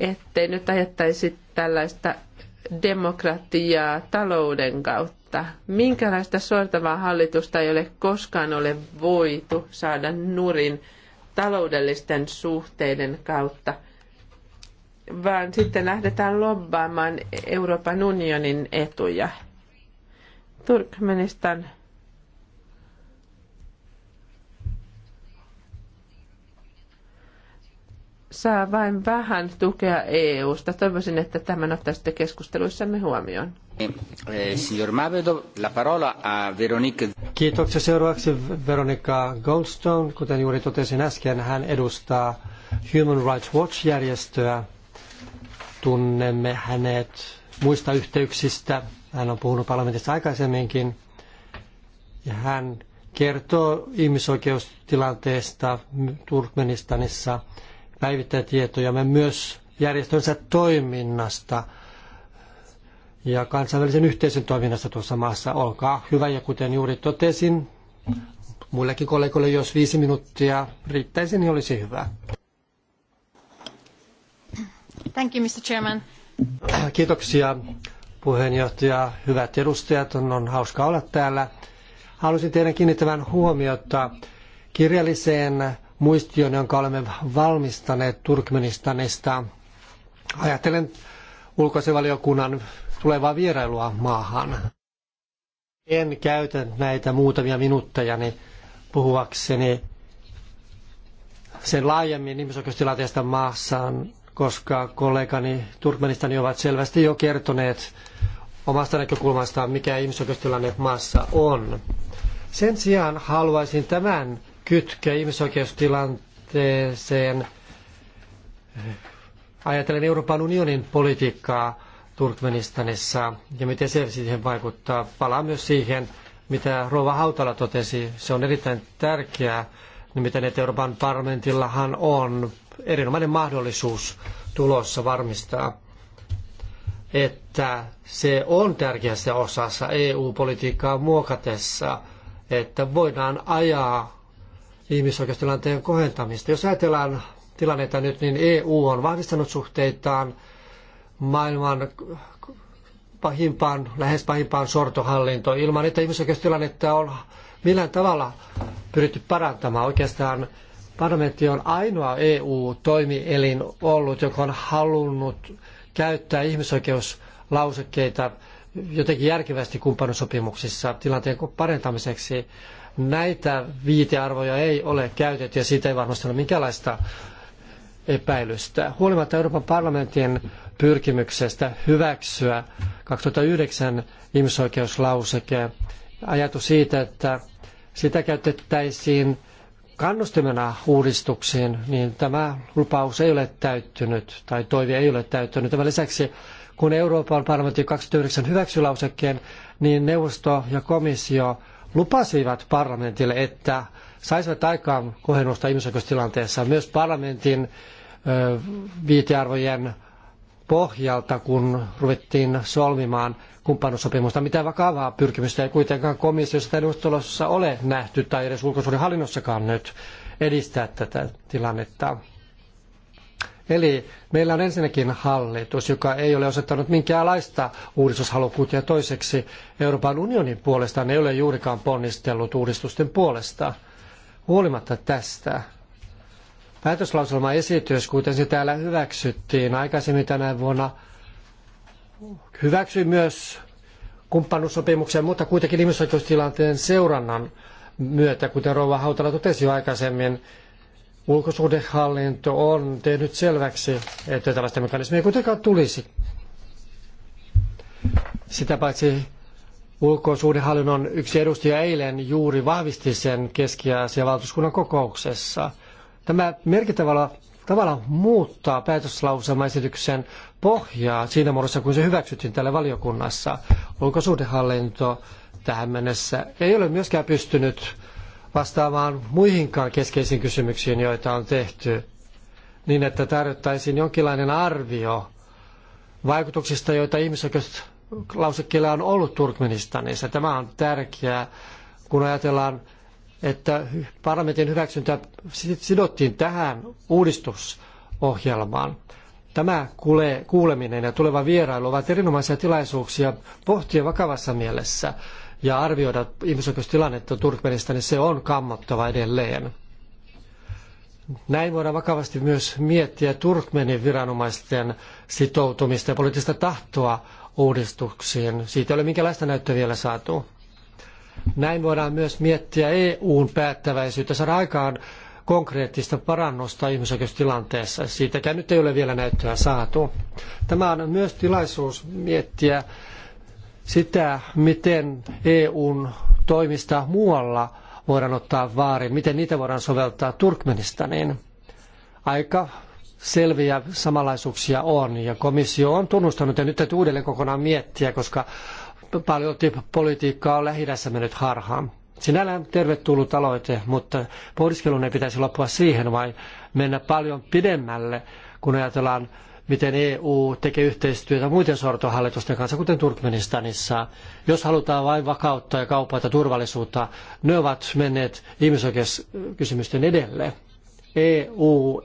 ettei nyt ajattaisi tällaista demokratiaa talouden kautta. Minkälaista sortavaa hallitusta ei ole koskaan ole voitu saada nurin taloudellisten suhteiden kautta – vaan sitten lähdetään lobbaamaan Euroopan unionin etuja. Turkmenistan saa vain vähän tukea EU-sta. Toivoisin, että tämän ottaisitte keskusteluissamme huomioon. Eh, eh, signor la parola a Kiitoksia seuraavaksi Veronika Goldstone. Kuten juuri totesin äsken, hän edustaa Human Rights Watch-järjestöä. Tunnemme hänet muista yhteyksistä. Hän on puhunut parlamentissa aikaisemminkin. Ja hän kertoo ihmisoikeustilanteesta Turkmenistanissa, päivittää tietoja, me myös järjestönsä toiminnasta ja kansainvälisen yhteisön toiminnasta tuossa maassa. Olkaa hyvä ja kuten juuri totesin, muillekin kollegoille, jos viisi minuuttia riittäisi, niin olisi hyvä. Thank you, Mr. Chairman. Kiitoksia puheenjohtaja. Hyvät edustajat, on, on hauska olla täällä. Haluaisin teidän kiinnittävän huomiota kirjalliseen muistioon, jonka olemme valmistaneet Turkmenistanista. Ajattelen ulkoasevaliokunnan tulevaa vierailua maahan. En käytä näitä muutamia minuuttejani puhuakseni sen laajemmin ihmisoikeustilanteesta maassaan koska kollegani Turkmenistani ovat selvästi jo kertoneet omasta näkökulmastaan, mikä ihmisoikeustilanne maassa on. Sen sijaan haluaisin tämän kytkeä ihmisoikeustilanteeseen ajatellen Euroopan unionin politiikkaa Turkmenistanissa ja miten se siihen vaikuttaa. Palaan myös siihen, mitä Rova Hautala totesi. Se on erittäin tärkeää, nimittäin että Euroopan parlamentillahan on erinomainen mahdollisuus tulossa varmistaa, että se on tärkeässä osassa EU-politiikkaa muokatessa, että voidaan ajaa ihmisoikeustilanteen kohentamista. Jos ajatellaan tilannetta nyt, niin EU on vahvistanut suhteitaan maailman pahimpaan, lähes pahimpaan sortohallintoon ilman, että ihmisoikeustilannetta on millään tavalla pyritty parantamaan. Oikeastaan Parlamentti on ainoa EU-toimielin ollut, joka on halunnut käyttää ihmisoikeuslausekkeita jotenkin järkevästi kumppanusopimuksissa tilanteen parantamiseksi. Näitä viitearvoja ei ole käytetty ja siitä ei varmasti ole minkäänlaista epäilystä. Huolimatta Euroopan parlamentin pyrkimyksestä hyväksyä 2009 ihmisoikeuslauseke, ajatus siitä, että sitä käytettäisiin kannustimena uudistuksiin, niin tämä lupaus ei ole täyttynyt tai toive ei ole täyttynyt. Tämän lisäksi kun Euroopan parlamentti 29 hyväksyi lausekkeen, niin neuvosto ja komissio lupasivat parlamentille, että saisivat aikaan kohennusta ihmisoikeustilanteessa myös parlamentin viitearvojen pohjalta, kun ruvettiin solmimaan kumppanuussopimusta. Mitä vakavaa pyrkimystä ei kuitenkaan komissiosta edustolossa ole nähty tai edes ulkosuudenhallinnossakaan nyt edistää tätä tilannetta. Eli meillä on ensinnäkin hallitus, joka ei ole osoittanut minkäänlaista uudistushalukkuutta ja toiseksi Euroopan unionin puolesta, ei ole juurikaan ponnistellut uudistusten puolesta. Huolimatta tästä, päätöslauselmaesitys, kuten se täällä hyväksyttiin aikaisemmin tänä vuonna, hyväksyi myös kumppanuussopimuksen, mutta kuitenkin ihmisoikeustilanteen seurannan myötä, kuten Rouva Hautala totesi jo aikaisemmin, ulkosuhdehallinto on tehnyt selväksi, että tällaista mekanismia ei kuitenkaan tulisi. Sitä paitsi ulkosuhdehallinnon yksi edustaja eilen juuri vahvisti sen Keski-Aasian valtuuskunnan kokouksessa. Tämä merkittävällä tavalla muuttaa päätöslauselmaesityksen pohjaa siinä muodossa, kun se hyväksyttiin täällä valiokunnassa. Ulkosuhdehallinto tähän mennessä ei ole myöskään pystynyt vastaamaan muihinkaan keskeisiin kysymyksiin, joita on tehty, niin että tarjottaisiin jonkinlainen arvio vaikutuksista, joita ihmisoikeuslausekkeilla on ollut Turkmenistanissa. Tämä on tärkeää, kun ajatellaan, että parlamentin hyväksyntä sidottiin tähän uudistusohjelmaan. Tämä kuuleminen ja tuleva vierailu ovat erinomaisia tilaisuuksia pohtia vakavassa mielessä ja arvioida ihmisoikeustilannetta Turkmenistanissa. Se on kammottava edelleen. Näin voidaan vakavasti myös miettiä Turkmenin viranomaisten sitoutumista ja poliittista tahtoa uudistuksiin. Siitä ei ole minkälaista näyttöä vielä saatu. Näin voidaan myös miettiä EUn päättäväisyyttä saada aikaan konkreettista parannusta ihmisoikeustilanteessa. Siitäkään nyt ei ole vielä näyttöä saatu. Tämä on myös tilaisuus miettiä sitä, miten EUn toimista muualla voidaan ottaa vaari, miten niitä voidaan soveltaa Turkmenistaniin. Aika selviä samanlaisuuksia on ja komissio on tunnustanut ja nyt täytyy uudelleen kokonaan miettiä, koska paljon politiikkaa on lähi mennyt harhaan. Sinällään tervetullut aloite, mutta pohdiskelun ei pitäisi loppua siihen, vaan mennä paljon pidemmälle, kun ajatellaan, miten EU tekee yhteistyötä muiden sortohallitusten kanssa, kuten Turkmenistanissa. Jos halutaan vain vakautta ja kauppaa ja turvallisuutta, ne ovat menneet ihmisoikeuskysymysten edelle. EU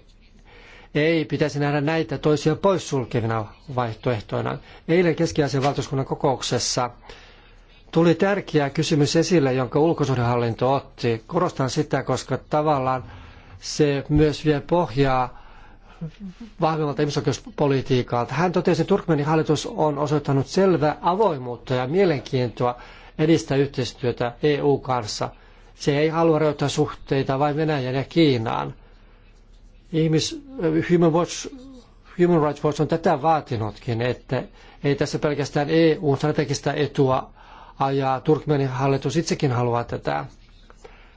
ei pitäisi nähdä näitä toisia poissulkevina vaihtoehtoina. Eilen keski valtuuskunnan kokouksessa tuli tärkeä kysymys esille, jonka ulkosuhdehallinto otti. Korostan sitä, koska tavallaan se myös vie pohjaa vahvemmalta ihmisoikeuspolitiikalta. Hän totesi, että Turkmenin hallitus on osoittanut selvää avoimuutta ja mielenkiintoa edistää yhteistyötä EU kanssa. Se ei halua rajoittaa suhteita vain Venäjään ja Kiinaan. Ihmis, Human, Watch, Human Rights Watch on tätä vaatinutkin, että ei tässä pelkästään EU-strategista etua ja Turkmenin hallitus itsekin haluaa tätä.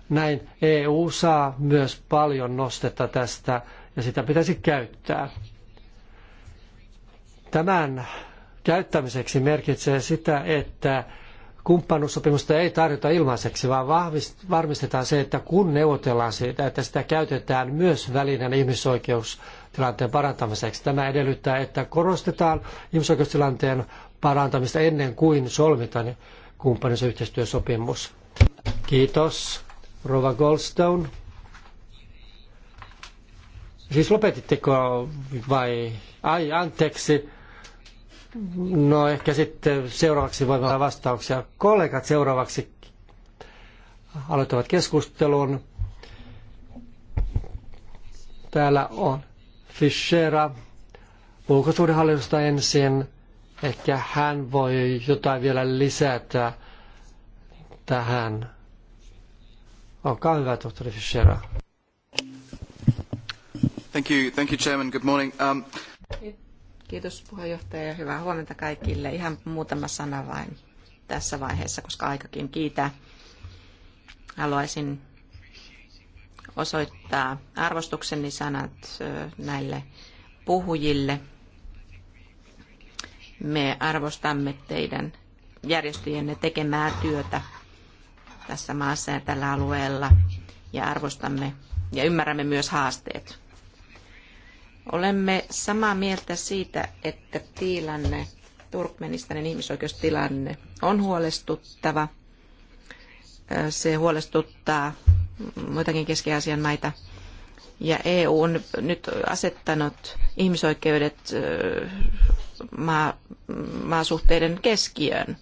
Näin EU saa myös paljon nostetta tästä ja sitä pitäisi käyttää. Tämän käyttämiseksi merkitsee sitä, että kumppanuussopimusta ei tarjota ilmaiseksi, vaan varmistetaan se, että kun neuvotellaan siitä, että sitä käytetään myös välinen ihmisoikeustilanteen parantamiseksi. Tämä edellyttää, että korostetaan ihmisoikeustilanteen parantamista ennen kuin solmitaan kumppanuus- ja yhteistyösopimus. Kiitos, Rova Goldstone. Siis lopetitteko vai? Ai, anteeksi. No ehkä sitten seuraavaksi voi olla vastauksia. Kollegat seuraavaksi aloittavat keskustelun. Täällä on Fischera ulkosuudenhallinnosta ensin. Ehkä hän voi jotain vielä lisätä tähän. Olkaa hyvä, tohtori Fischera. Thank you, thank you Chairman. Good morning. Um... Kiitos puheenjohtaja ja hyvää huomenta kaikille. Ihan muutama sana vain tässä vaiheessa, koska aikakin kiitä Haluaisin osoittaa arvostukseni sanat näille puhujille me arvostamme teidän järjestöjenne tekemää työtä tässä maassa ja tällä alueella ja arvostamme ja ymmärrämme myös haasteet. Olemme samaa mieltä siitä, että tilanne, Turkmenistanin ihmisoikeustilanne on huolestuttava. Se huolestuttaa muitakin Keski-Aasian maita. Ja EU on nyt asettanut ihmisoikeudet maa, maasuhteiden keskiöön.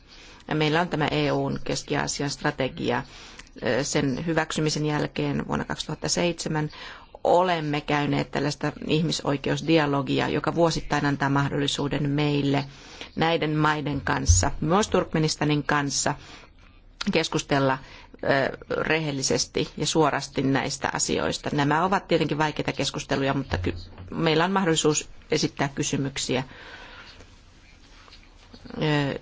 Ja meillä on tämä EUn keski-Aasian strategia. Sen hyväksymisen jälkeen vuonna 2007 olemme käyneet tällaista ihmisoikeusdialogia, joka vuosittain antaa mahdollisuuden meille näiden maiden kanssa, myös Turkmenistanin kanssa, keskustella rehellisesti ja suorasti näistä asioista. Nämä ovat tietenkin vaikeita keskusteluja, mutta meillä on mahdollisuus esittää kysymyksiä Eh,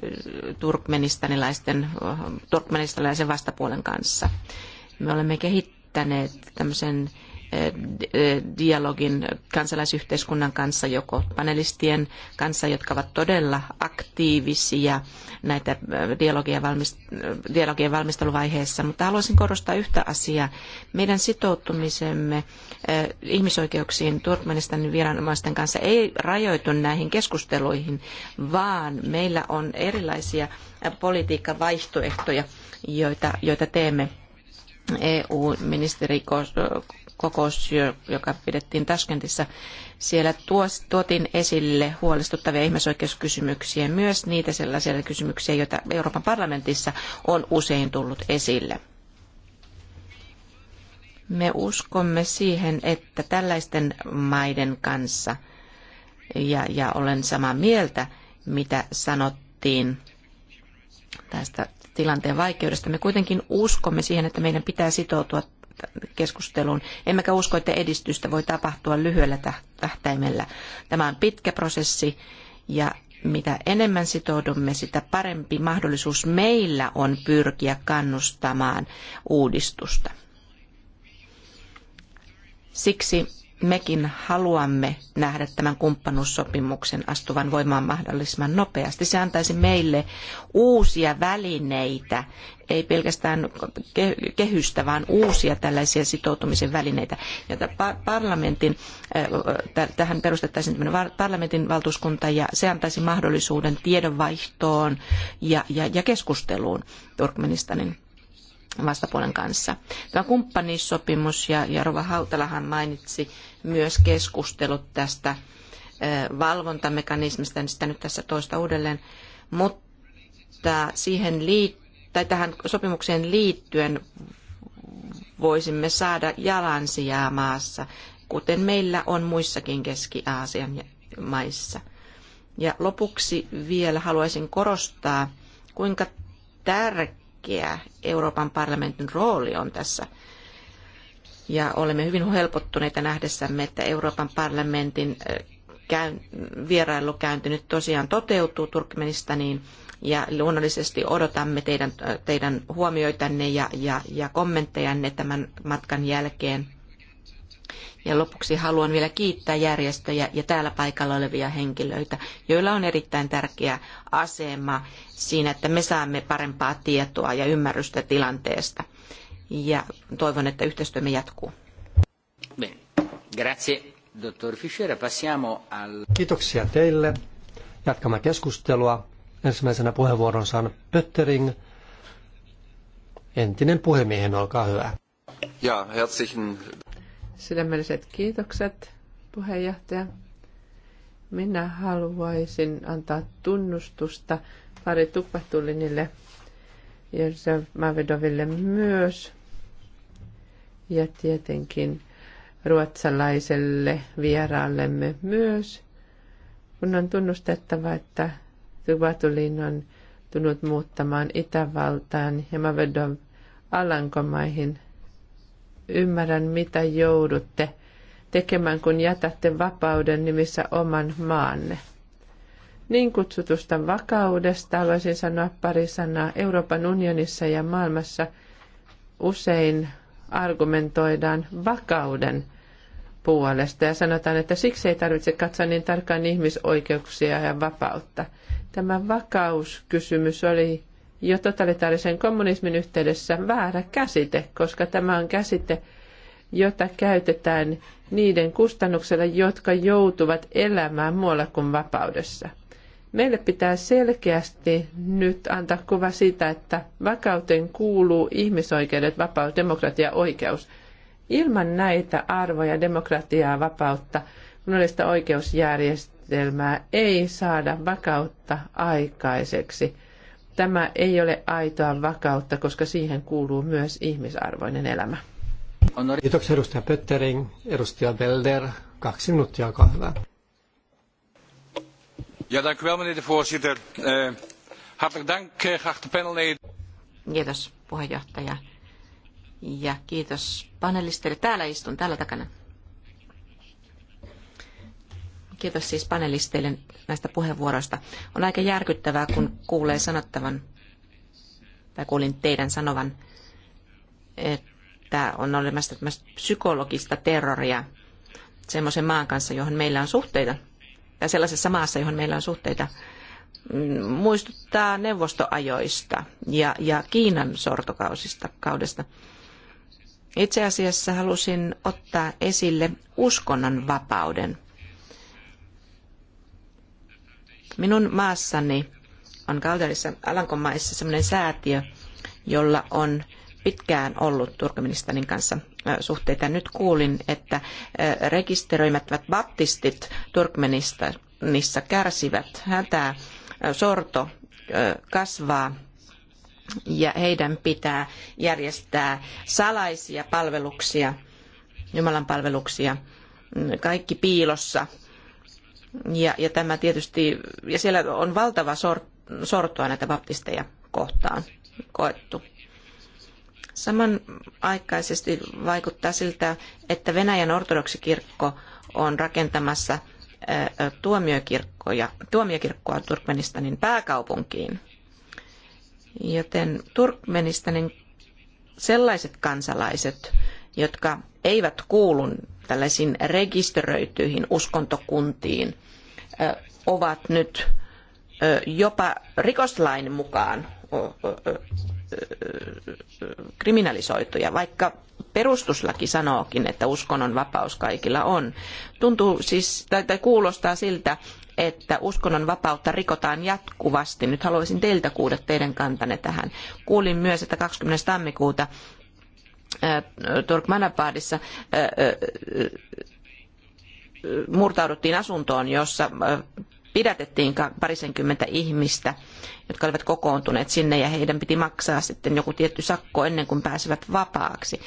turkmenistanilaisten, eh, turkmenistanilaisen vastapuolen kanssa. Me olemme kehittäneet tämmöisen Eh, eh, dialogin kansalaisyhteiskunnan kanssa, joko panelistien kanssa, jotka ovat todella aktiivisia näitä eh, dialogien, valmist- dialogien valmisteluvaiheessa. Mutta haluaisin korostaa yhtä asiaa. Meidän sitoutumisemme ihmisoikeuksiin Turkmenistanin viranomaisten kanssa ei rajoitu näihin keskusteluihin, vaan meillä on erilaisia politiikkavaihtoehtoja, vaihtoehtoja, joita, joita teemme EU-ministerikokouksessa kokous, joka pidettiin Taskentissa, siellä tuotiin esille huolestuttavia ihmisoikeuskysymyksiä, myös niitä sellaisia kysymyksiä, joita Euroopan parlamentissa on usein tullut esille. Me uskomme siihen, että tällaisten maiden kanssa, ja, ja olen samaa mieltä, mitä sanottiin tästä tilanteen vaikeudesta. Me kuitenkin uskomme siihen, että meidän pitää sitoutua keskusteluun. Emmekä usko, että edistystä voi tapahtua lyhyellä tähtäimellä. Tämä on pitkä prosessi ja mitä enemmän sitoudumme, sitä parempi mahdollisuus meillä on pyrkiä kannustamaan uudistusta. Siksi mekin haluamme nähdä tämän kumppanuussopimuksen astuvan voimaan mahdollisimman nopeasti. Se antaisi meille uusia välineitä, ei pelkästään kehystä, vaan uusia tällaisia sitoutumisen välineitä. Ja parlamentin, tähän perustettaisiin tämmöinen parlamentin valtuuskunta ja se antaisi mahdollisuuden tiedonvaihtoon ja, ja, ja keskusteluun Turkmenistanin vastapuolen kanssa. Tämä kumppanissopimus ja, ja Rova Hautalahan mainitsi myös keskustelut tästä valvontamekanismista, en sitä nyt tässä toista uudelleen, mutta siihen liit tai tähän sopimukseen liittyen voisimme saada jalansijaa maassa, kuten meillä on muissakin Keski-Aasian maissa. Ja lopuksi vielä haluaisin korostaa, kuinka tärkeää tärkeä Euroopan parlamentin rooli on tässä. Ja olemme hyvin helpottuneita nähdessämme, että Euroopan parlamentin vierailu vierailukäynti nyt tosiaan toteutuu Turkmenistaniin ja luonnollisesti odotamme teidän, teidän huomioitanne ja, ja, ja kommenttejanne tämän matkan jälkeen. Ja lopuksi haluan vielä kiittää järjestöjä ja täällä paikalla olevia henkilöitä, joilla on erittäin tärkeä asema siinä, että me saamme parempaa tietoa ja ymmärrystä tilanteesta. Ja toivon, että yhteistyömme jatkuu. Grazie, dottor Fischer. Passiamo al... Kiitoksia teille. Jatkamme keskustelua. Ensimmäisenä puheenvuoron saan Pöttering. Entinen puhemiehen, olkaa hyvä. Ja, herzlichen... Sydämelliset kiitokset, puheenjohtaja. Minä haluaisin antaa tunnustusta pari tuppatulinille ja Mavedoville myös ja tietenkin ruotsalaiselle vieraallemme myös, kun on tunnustettava, että Tuvatulin on tullut muuttamaan Itävaltaan ja Mavedon Alankomaihin ymmärrän, mitä joudutte tekemään, kun jätätte vapauden nimissä oman maanne. Niin kutsutusta vakaudesta haluaisin sanoa pari sanaa. Euroopan unionissa ja maailmassa usein argumentoidaan vakauden puolesta ja sanotaan, että siksi ei tarvitse katsoa niin tarkkaan ihmisoikeuksia ja vapautta. Tämä vakauskysymys oli jo totalitaarisen kommunismin yhteydessä väärä käsite, koska tämä on käsite, jota käytetään niiden kustannuksella, jotka joutuvat elämään muualla kuin vapaudessa. Meille pitää selkeästi nyt antaa kuva siitä, että vakauteen kuuluu ihmisoikeudet, vapaus, demokratia, oikeus. Ilman näitä arvoja, demokratiaa, vapautta, kunnollista oikeusjärjestelmää ei saada vakautta aikaiseksi – Tämä ei ole aitoa vakautta, koska siihen kuuluu myös ihmisarvoinen elämä. Kiitoksia edustaja Pöttering. Edustaja Belder, kaksi minuuttia, olkaa hyvä. Ja, dank u wel, meneer de voorzitter. Uh, hartelijk dank, eh, geachte panelleden. Kiitos, puheenjohtaja. Ja kiitos panelisteille. Täällä istun, täällä takana. Kiitos siis panelisteille näistä puheenvuoroista. On aika järkyttävää, kun kuulee sanottavan, tai kuulin teidän sanovan, että on olemassa tämmöistä psykologista terroria semmoisen maan kanssa, johon meillä on suhteita, tai sellaisessa maassa, johon meillä on suhteita, mm, muistuttaa neuvostoajoista ja, ja Kiinan sortokausista Kaudesta. Itse asiassa halusin ottaa esille uskonnonvapauden. Minun maassani on Kalderissa Alankomaissa sellainen säätiö, jolla on pitkään ollut Turkmenistanin kanssa suhteita. Nyt kuulin, että rekisteröimättävät baptistit Turkmenistanissa kärsivät hätää, sorto kasvaa ja heidän pitää järjestää salaisia palveluksia, Jumalan palveluksia, mm, kaikki piilossa ja, ja tämä tietysti, ja siellä on valtava sor, sortoa näitä baptisteja kohtaan koettu. Samanaikaisesti vaikuttaa siltä, että Venäjän ortodoksikirkko on rakentamassa tuomiokirkkoja, tuomiokirkkoa Turkmenistanin pääkaupunkiin. Joten Turkmenistanin sellaiset kansalaiset, jotka eivät kuulu tällaisiin rekisteröityihin uskontokuntiin ovat nyt jopa rikoslain mukaan kriminalisoituja, vaikka perustuslaki sanookin, että uskonnon vapaus kaikilla on. Tuntuu siis, tai, tai kuulostaa siltä, että uskonnon vapautta rikotaan jatkuvasti. Nyt haluaisin teiltä kuulla teidän kantanne tähän. Kuulin myös, että 20. tammikuuta Äh, Turkmenabadissa äh, äh, murtauduttiin asuntoon, jossa pidätettiin parisenkymmentä ihmistä, jotka olivat kokoontuneet sinne ja heidän piti maksaa sitten joku tietty sakko ennen kuin pääsivät vapaaksi.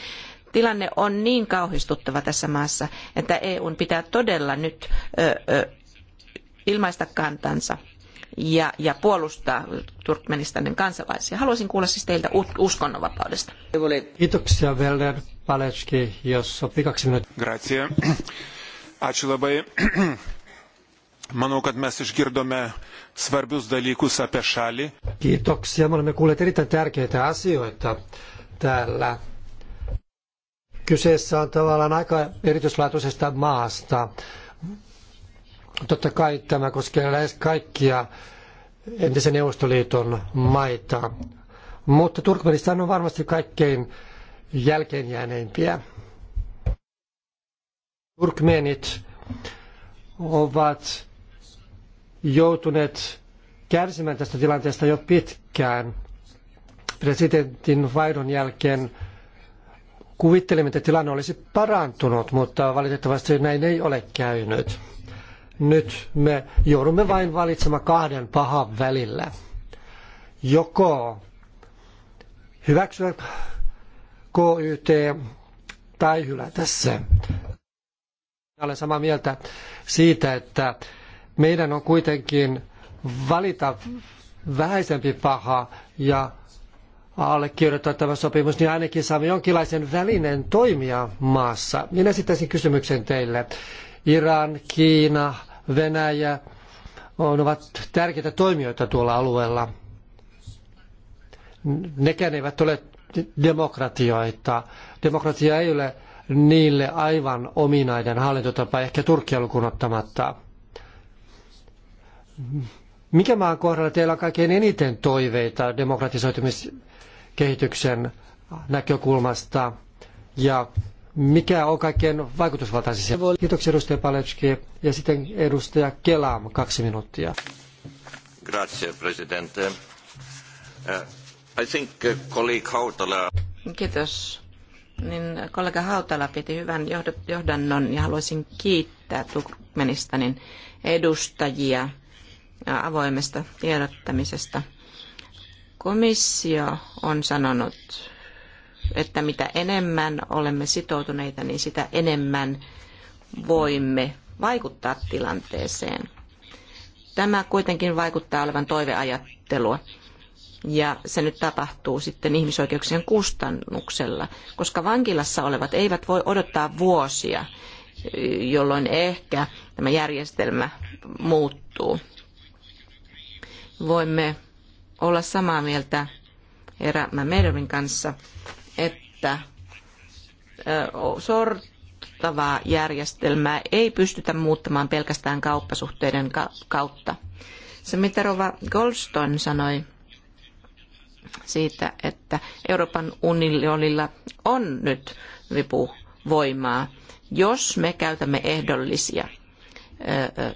Tilanne on niin kauhistuttava tässä maassa, että EUn pitää todella nyt ilmaista kantansa ja, ja puolustaa Turkmenistanin kansalaisia. Haluaisin kuulla siis teiltä uskonnonvapaudesta. Kiitoksia, Velder Palecki, jos sopii kaksi minuuttia. Grazie. Ačiū labai. Manau, kad mes išgirdome svarbius dalykus apie šalį. Kiitoksia. Me olemme kuulleet erittäin tärkeitä asioita täällä. Kyseessä on tavallaan aika erityislaatuisesta maasta. Totta kai tämä koskee lähes kaikkia entisen Neuvostoliiton maita, mutta Turkmenistan on varmasti kaikkein jälkeenjääneimpiä. Turkmenit ovat joutuneet kärsimään tästä tilanteesta jo pitkään. Presidentin vaihdon jälkeen kuvittelimme, että tilanne olisi parantunut, mutta valitettavasti näin ei ole käynyt. Nyt me joudumme vain valitsemaan kahden pahan välillä. Joko hyväksyä KYT tai hylätä se. Olen samaa mieltä siitä, että meidän on kuitenkin valita vähäisempi paha ja allekirjoittaa tämä sopimus, niin ainakin saamme jonkinlaisen välinen toimia maassa. Minä esittäisin kysymyksen teille. Iran, Kiina, Venäjä ovat tärkeitä toimijoita tuolla alueella. Nekään eivät ole demokratioita. Demokratia ei ole niille aivan ominainen hallintotapa, ehkä Turkia lukuun ottamatta. Mikä maan kohdalla teillä on kaikkein eniten toiveita demokratisoitumiskehityksen näkökulmasta ja mikä on kaikkein vaikutusvaltaisin. Kiitoksia edustaja Paletski ja sitten edustaja Kelam, kaksi minuuttia. Grazie, presidente. Eh, I think eh, colleague Hautala... Kiitos. Niin kollega Hautala piti hyvän johdannon ja haluaisin kiittää Turkmenistanin edustajia avoimesta tiedottamisesta. Komissio on sanonut että mitä enemmän olemme sitoutuneita, niin sitä enemmän voimme vaikuttaa tilanteeseen. Tämä kuitenkin vaikuttaa olevan toiveajattelua. Ja se nyt tapahtuu sitten ihmisoikeuksien kustannuksella, koska vankilassa olevat eivät voi odottaa vuosia, jolloin ehkä tämä järjestelmä muuttuu. Voimme olla samaa mieltä herra Mämerovin kanssa että sortavaa järjestelmää ei pystytä muuttamaan pelkästään kauppasuhteiden kautta. Se, mitä Rova Goldstone sanoi siitä, että Euroopan unionilla on nyt vipuvoimaa, jos me käytämme ehdollisia –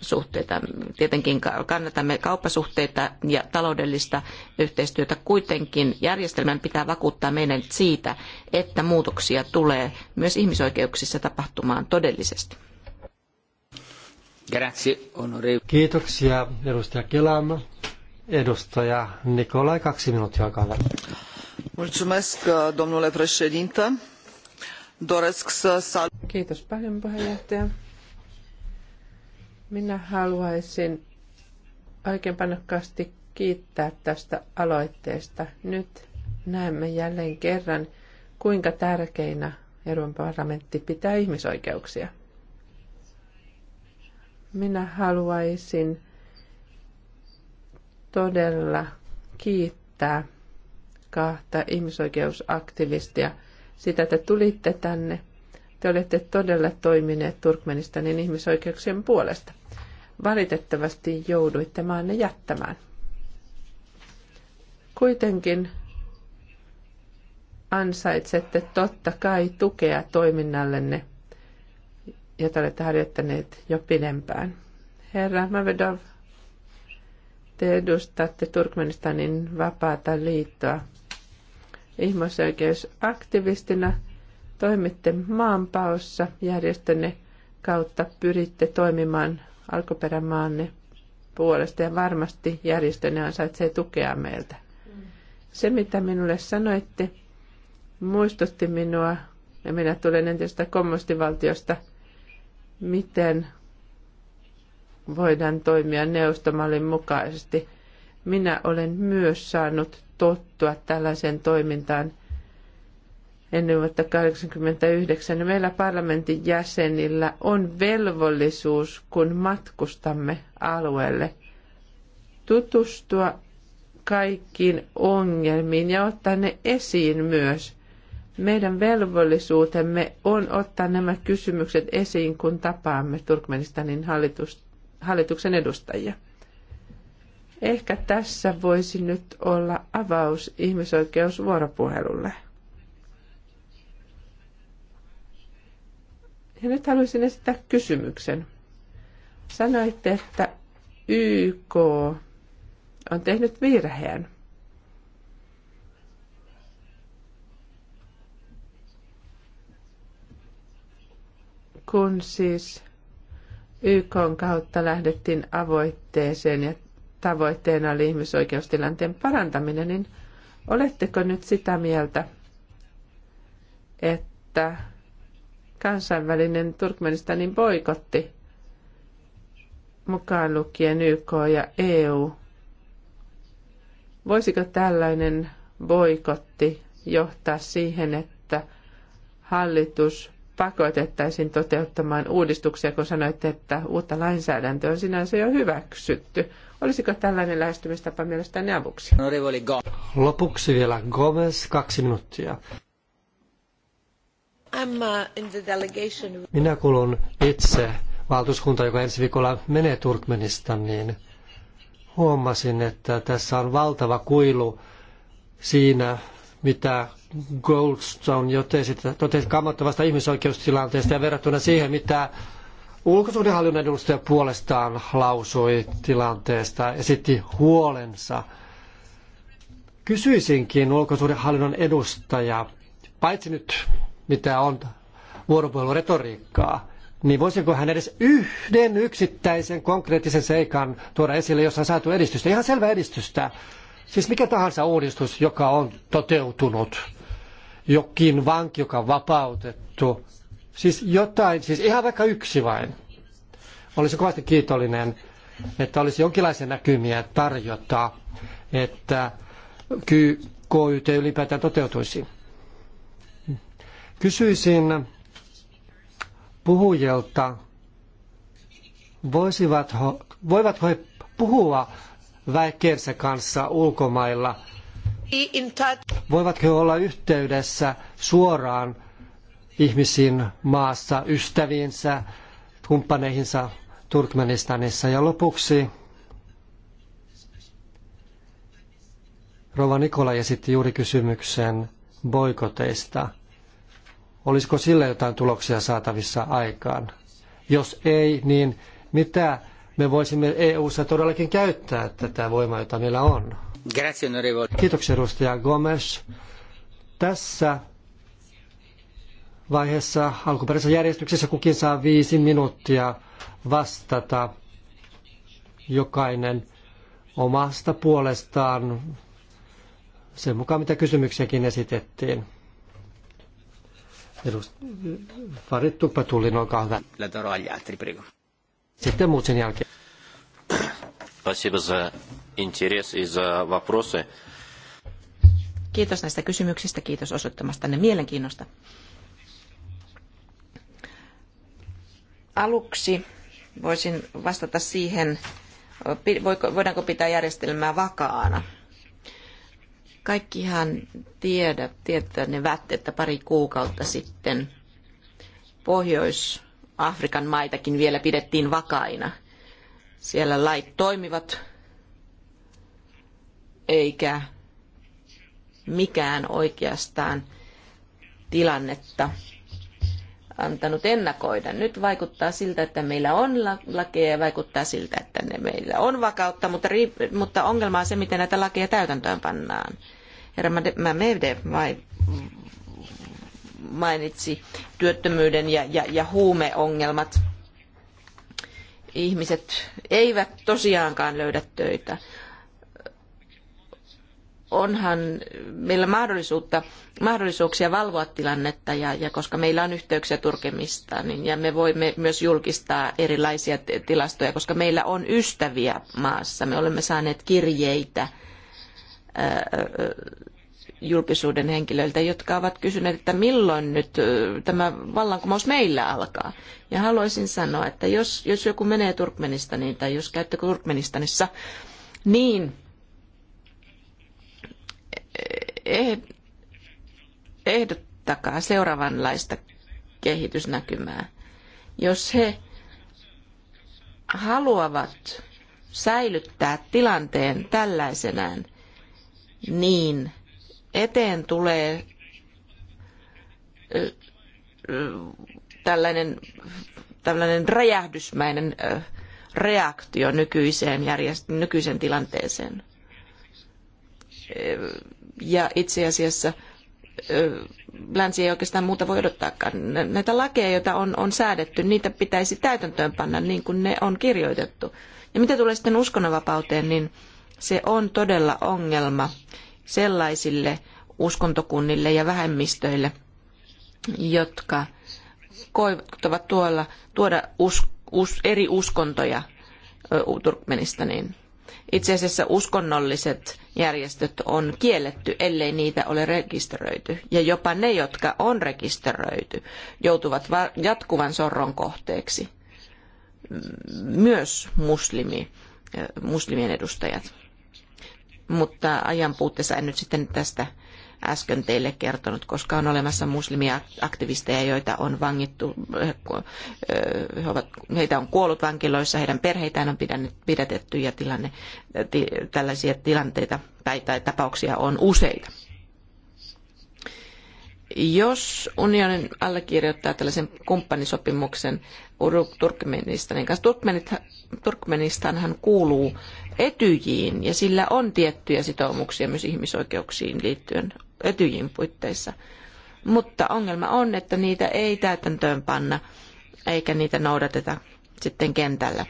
suhteita. Tietenkin kannatamme kauppasuhteita ja taloudellista yhteistyötä. Kuitenkin järjestelmän pitää vakuuttaa meidän siitä, että muutoksia tulee myös ihmisoikeuksissa tapahtumaan todellisesti. Kiitoksia edustaja Kelam. Edustaja Nikolai, kaksi minuuttia, olkaa hyvä. Mulțumesc, domnule președinte. Doresc să salut. Kiitos paljon puheenjohtaja. Minä haluaisin oikein panokkaasti kiittää tästä aloitteesta. Nyt näemme jälleen kerran, kuinka tärkeinä Euroopan parlamentti pitää ihmisoikeuksia. Minä haluaisin todella kiittää kahta ihmisoikeusaktivistia sitä, että tulitte tänne. Te olette todella toimineet Turkmenistanin ihmisoikeuksien puolesta. Valitettavasti jouduitte maanne jättämään. Kuitenkin ansaitsette totta kai tukea toiminnallenne, jota olette harjoittaneet jo pidempään. Herra Mavedov, te edustatte Turkmenistanin vapaata liittoa. Ihmisoikeusaktivistina toimitte maanpaossa järjestönne kautta pyritte toimimaan alkuperämaanne puolesta ja varmasti järjestönne ansaitsee tukea meiltä. Se, mitä minulle sanoitte, muistutti minua, ja minä tulen entisestä kommunistivaltiosta, miten voidaan toimia neuvostomallin mukaisesti. Minä olen myös saanut tottua tällaiseen toimintaan – ennen vuotta 1989, niin meillä parlamentin jäsenillä on velvollisuus, kun matkustamme alueelle, tutustua kaikkiin ongelmiin ja ottaa ne esiin myös. Meidän velvollisuutemme on ottaa nämä kysymykset esiin, kun tapaamme Turkmenistanin hallitus, hallituksen edustajia. Ehkä tässä voisi nyt olla avaus ihmisoikeusvuoropuhelulle. Ja nyt haluaisin esittää kysymyksen. Sanoitte, että YK on tehnyt virheen. Kun siis YK kautta lähdettiin avoitteeseen ja tavoitteena oli ihmisoikeustilanteen parantaminen, niin oletteko nyt sitä mieltä, että kansainvälinen Turkmenistanin boikotti, mukaan lukien YK ja EU. Voisiko tällainen boikotti johtaa siihen, että hallitus pakotettaisiin toteuttamaan uudistuksia, kun sanoitte, että uutta lainsäädäntöä on sinänsä jo hyväksytty. Olisiko tällainen lähestymistapa mielestäni avuksi? Lopuksi vielä Gomez, kaksi minuuttia. Uh, Minä kuulun itse valtuuskunta, joka ensi viikolla menee Turkmenistaniin. Huomasin, että tässä on valtava kuilu siinä, mitä Goldstone totesi, totesi kammottavasta ihmisoikeustilanteesta ja verrattuna siihen, mitä ulkosuhdehallinnon edustaja puolestaan lausui tilanteesta, esitti huolensa. Kysyisinkin ulkosuhdehallinnon edustajaa, paitsi nyt mitä on vuoropuheluretoriikkaa, niin voisiko hän edes yhden yksittäisen konkreettisen seikan tuoda esille, jossa on saatu edistystä, ihan selvä edistystä. Siis mikä tahansa uudistus, joka on toteutunut, jokin vanki, joka on vapautettu, siis jotain, siis ihan vaikka yksi vain. Olisin kovasti kiitollinen, että olisi jonkinlaisia näkymiä tarjota, että KYT ylipäätään toteutuisi. Kysyisin puhujalta, voisivatko, voivatko he puhua väikkeensä kanssa ulkomailla? Voivatko he olla yhteydessä suoraan ihmisiin maassa, ystäviinsä, kumppaneihinsa Turkmenistanissa? Ja lopuksi Rova Nikola esitti juuri kysymyksen boikoteista – Olisiko sillä jotain tuloksia saatavissa aikaan? Jos ei, niin mitä me voisimme EU-ssa todellakin käyttää tätä voimaa, jota meillä on? Kiitoksia edustaja Gomes. Tässä vaiheessa alkuperäisessä järjestyksessä kukin saa viisi minuuttia vastata jokainen omasta puolestaan sen mukaan, mitä kysymyksiäkin esitettiin. Fari Tuppatullin, olkaa hyvä. Sitten muut sen jälkeen. Спасибо за интерес и за вопросы. Kiitos näistä kysymyksistä, kiitos osoittamastanne mielenkiinnosta. Aluksi voisin vastata siihen, voidaanko pitää järjestelmää vakaana. Kaikkihan tiedä, tietävät, että pari kuukautta sitten Pohjois-Afrikan maitakin vielä pidettiin vakaina. Siellä lait toimivat, eikä mikään oikeastaan tilannetta antanut ennakoida. Nyt vaikuttaa siltä, että meillä on lakeja ja vaikuttaa siltä, että ne meillä on vakautta, mutta, mutta ongelma on se, miten näitä lakeja täytäntöön pannaan. Herra vai mainitsi työttömyyden ja, ja, ja huumeongelmat. Ihmiset eivät tosiaankaan löydä töitä onhan meillä mahdollisuutta, mahdollisuuksia valvoa tilannetta ja, ja koska meillä on yhteyksiä Turkemista, niin, ja me voimme myös julkistaa erilaisia tilastoja, koska meillä on ystäviä maassa. Me olemme saaneet kirjeitä ää, julkisuuden henkilöiltä, jotka ovat kysyneet, että milloin nyt tämä vallankumous meillä alkaa. Ja haluaisin sanoa, että jos, jos joku menee Turkmenistaniin tai jos käytte Turkmenistanissa, niin Eh, ehdottakaa seuraavanlaista kehitysnäkymää. Jos he haluavat säilyttää tilanteen tällaisenään, niin eteen tulee tällainen, tällainen räjähdysmäinen reaktio nykyiseen, järjest- nykyiseen tilanteeseen ja itse asiassa länsi ei oikeastaan muuta voi odottaakaan. Näitä lakeja, joita on, on säädetty, niitä pitäisi täytäntöönpanna niin kuin ne on kirjoitettu. Ja mitä tulee sitten uskonnonvapauteen, niin se on todella ongelma sellaisille uskontokunnille ja vähemmistöille, jotka koivat tuolla, tuoda us, us, eri uskontoja Turkmenistaniin. Itse asiassa uskonnolliset järjestöt on kielletty, ellei niitä ole rekisteröity. Ja jopa ne, jotka on rekisteröity, joutuvat jatkuvan sorron kohteeksi. Myös muslimi, eh, muslimien edustajat. Mutta ajan puutteessa en nyt sitten tästä äsken teille kertonut, koska on olemassa muslimiaktivisteja, joita on vangittu, heitä on kuollut vankiloissa, heidän perheitään on pidätetty ja tilanne, tällaisia tilanteita tai, tai tapauksia on useita. Jos unionin allekirjoittaa tällaisen kumppanisopimuksen Turkmenistanin kanssa, Turkmenistanhan kuuluu etyjiin ja sillä on tiettyjä sitoumuksia myös ihmisoikeuksiin liittyen etyjin puitteissa. Mutta ongelma on, että niitä ei täytäntöön panna eikä niitä noudateta sitten kentällä.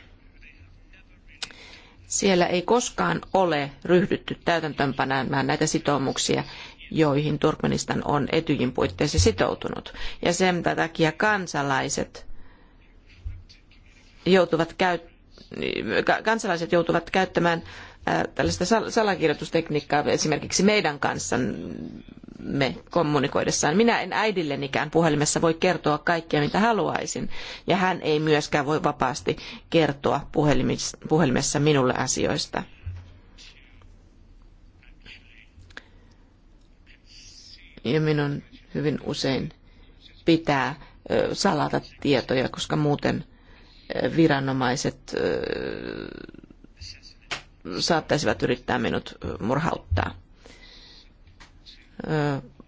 Siellä ei koskaan ole ryhdytty täytäntöönpanemaan näitä sitoumuksia, joihin Turkmenistan on etyjin puitteissa sitoutunut. Ja sen takia kansalaiset joutuvat, käyt- kansalaiset joutuvat käyttämään tällaista salakirjoitustekniikkaa esimerkiksi meidän kanssamme kommunikoidessaan. Minä en äidillenikään puhelimessa voi kertoa kaikkea, mitä haluaisin, ja hän ei myöskään voi vapaasti kertoa puhelimessa minulle asioista. Ja minun hyvin usein pitää salata tietoja, koska muuten viranomaiset saattaisivat yrittää minut murhauttaa.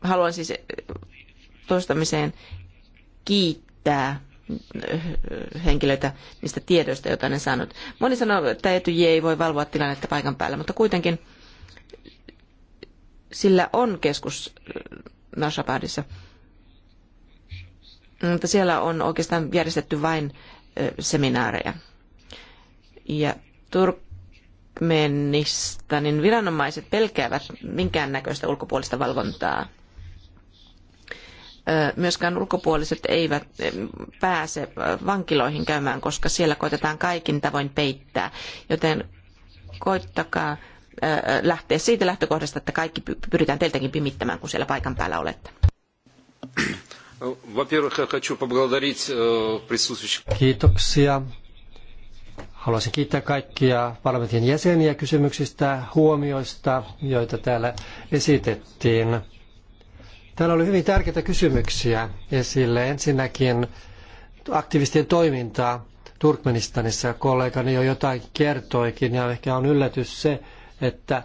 Haluan siis toistamiseen kiittää henkilöitä niistä tiedoista, joita ne saanut. Moni sanoo, että etyji ei voi valvoa tilannetta paikan päällä, mutta kuitenkin sillä on keskus Nashabadissa. Mutta siellä on oikeastaan järjestetty vain seminaareja. Ja Turk Turkmenista, niin viranomaiset pelkäävät minkäännäköistä ulkopuolista valvontaa. Myöskään ulkopuoliset eivät pääse vankiloihin käymään, koska siellä koitetaan kaikin tavoin peittää. Joten koittakaa lähteä siitä lähtökohdasta, että kaikki pyritään teiltäkin pimittämään, kun siellä paikan päällä olette. Э, Kiitoksia Haluaisin kiittää kaikkia parlamentin jäseniä kysymyksistä, huomioista, joita täällä esitettiin. Täällä oli hyvin tärkeitä kysymyksiä esille. Ensinnäkin aktivistien toimintaa Turkmenistanissa. Kollegani jo jotain kertoikin ja ehkä on yllätys se, että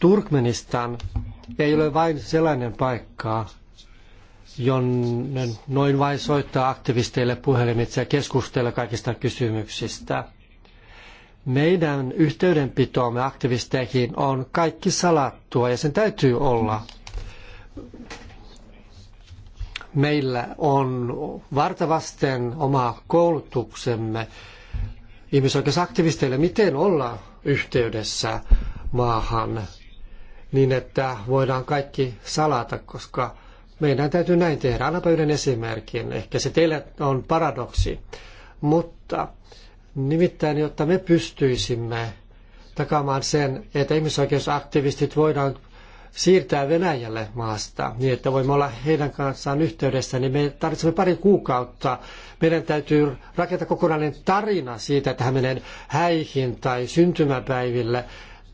Turkmenistan ei ole vain sellainen paikka, jonne noin vain soittaa aktivisteille puhelimitse ja keskustella kaikista kysymyksistä – meidän yhteydenpitoamme aktivisteihin on kaikki salattua ja sen täytyy olla. Meillä on vartavasten oma koulutuksemme ihmisoikeusaktivisteille, miten olla yhteydessä maahan niin, että voidaan kaikki salata, koska meidän täytyy näin tehdä. Annapa yhden esimerkin. Ehkä se teille on paradoksi, mutta Nimittäin, jotta me pystyisimme takaamaan sen, että ihmisoikeusaktivistit voidaan siirtää Venäjälle maasta, niin että voimme olla heidän kanssaan yhteydessä, niin me tarvitsemme pari kuukautta. Meidän täytyy rakentaa kokonainen tarina siitä, että hän menee häihin tai syntymäpäiville,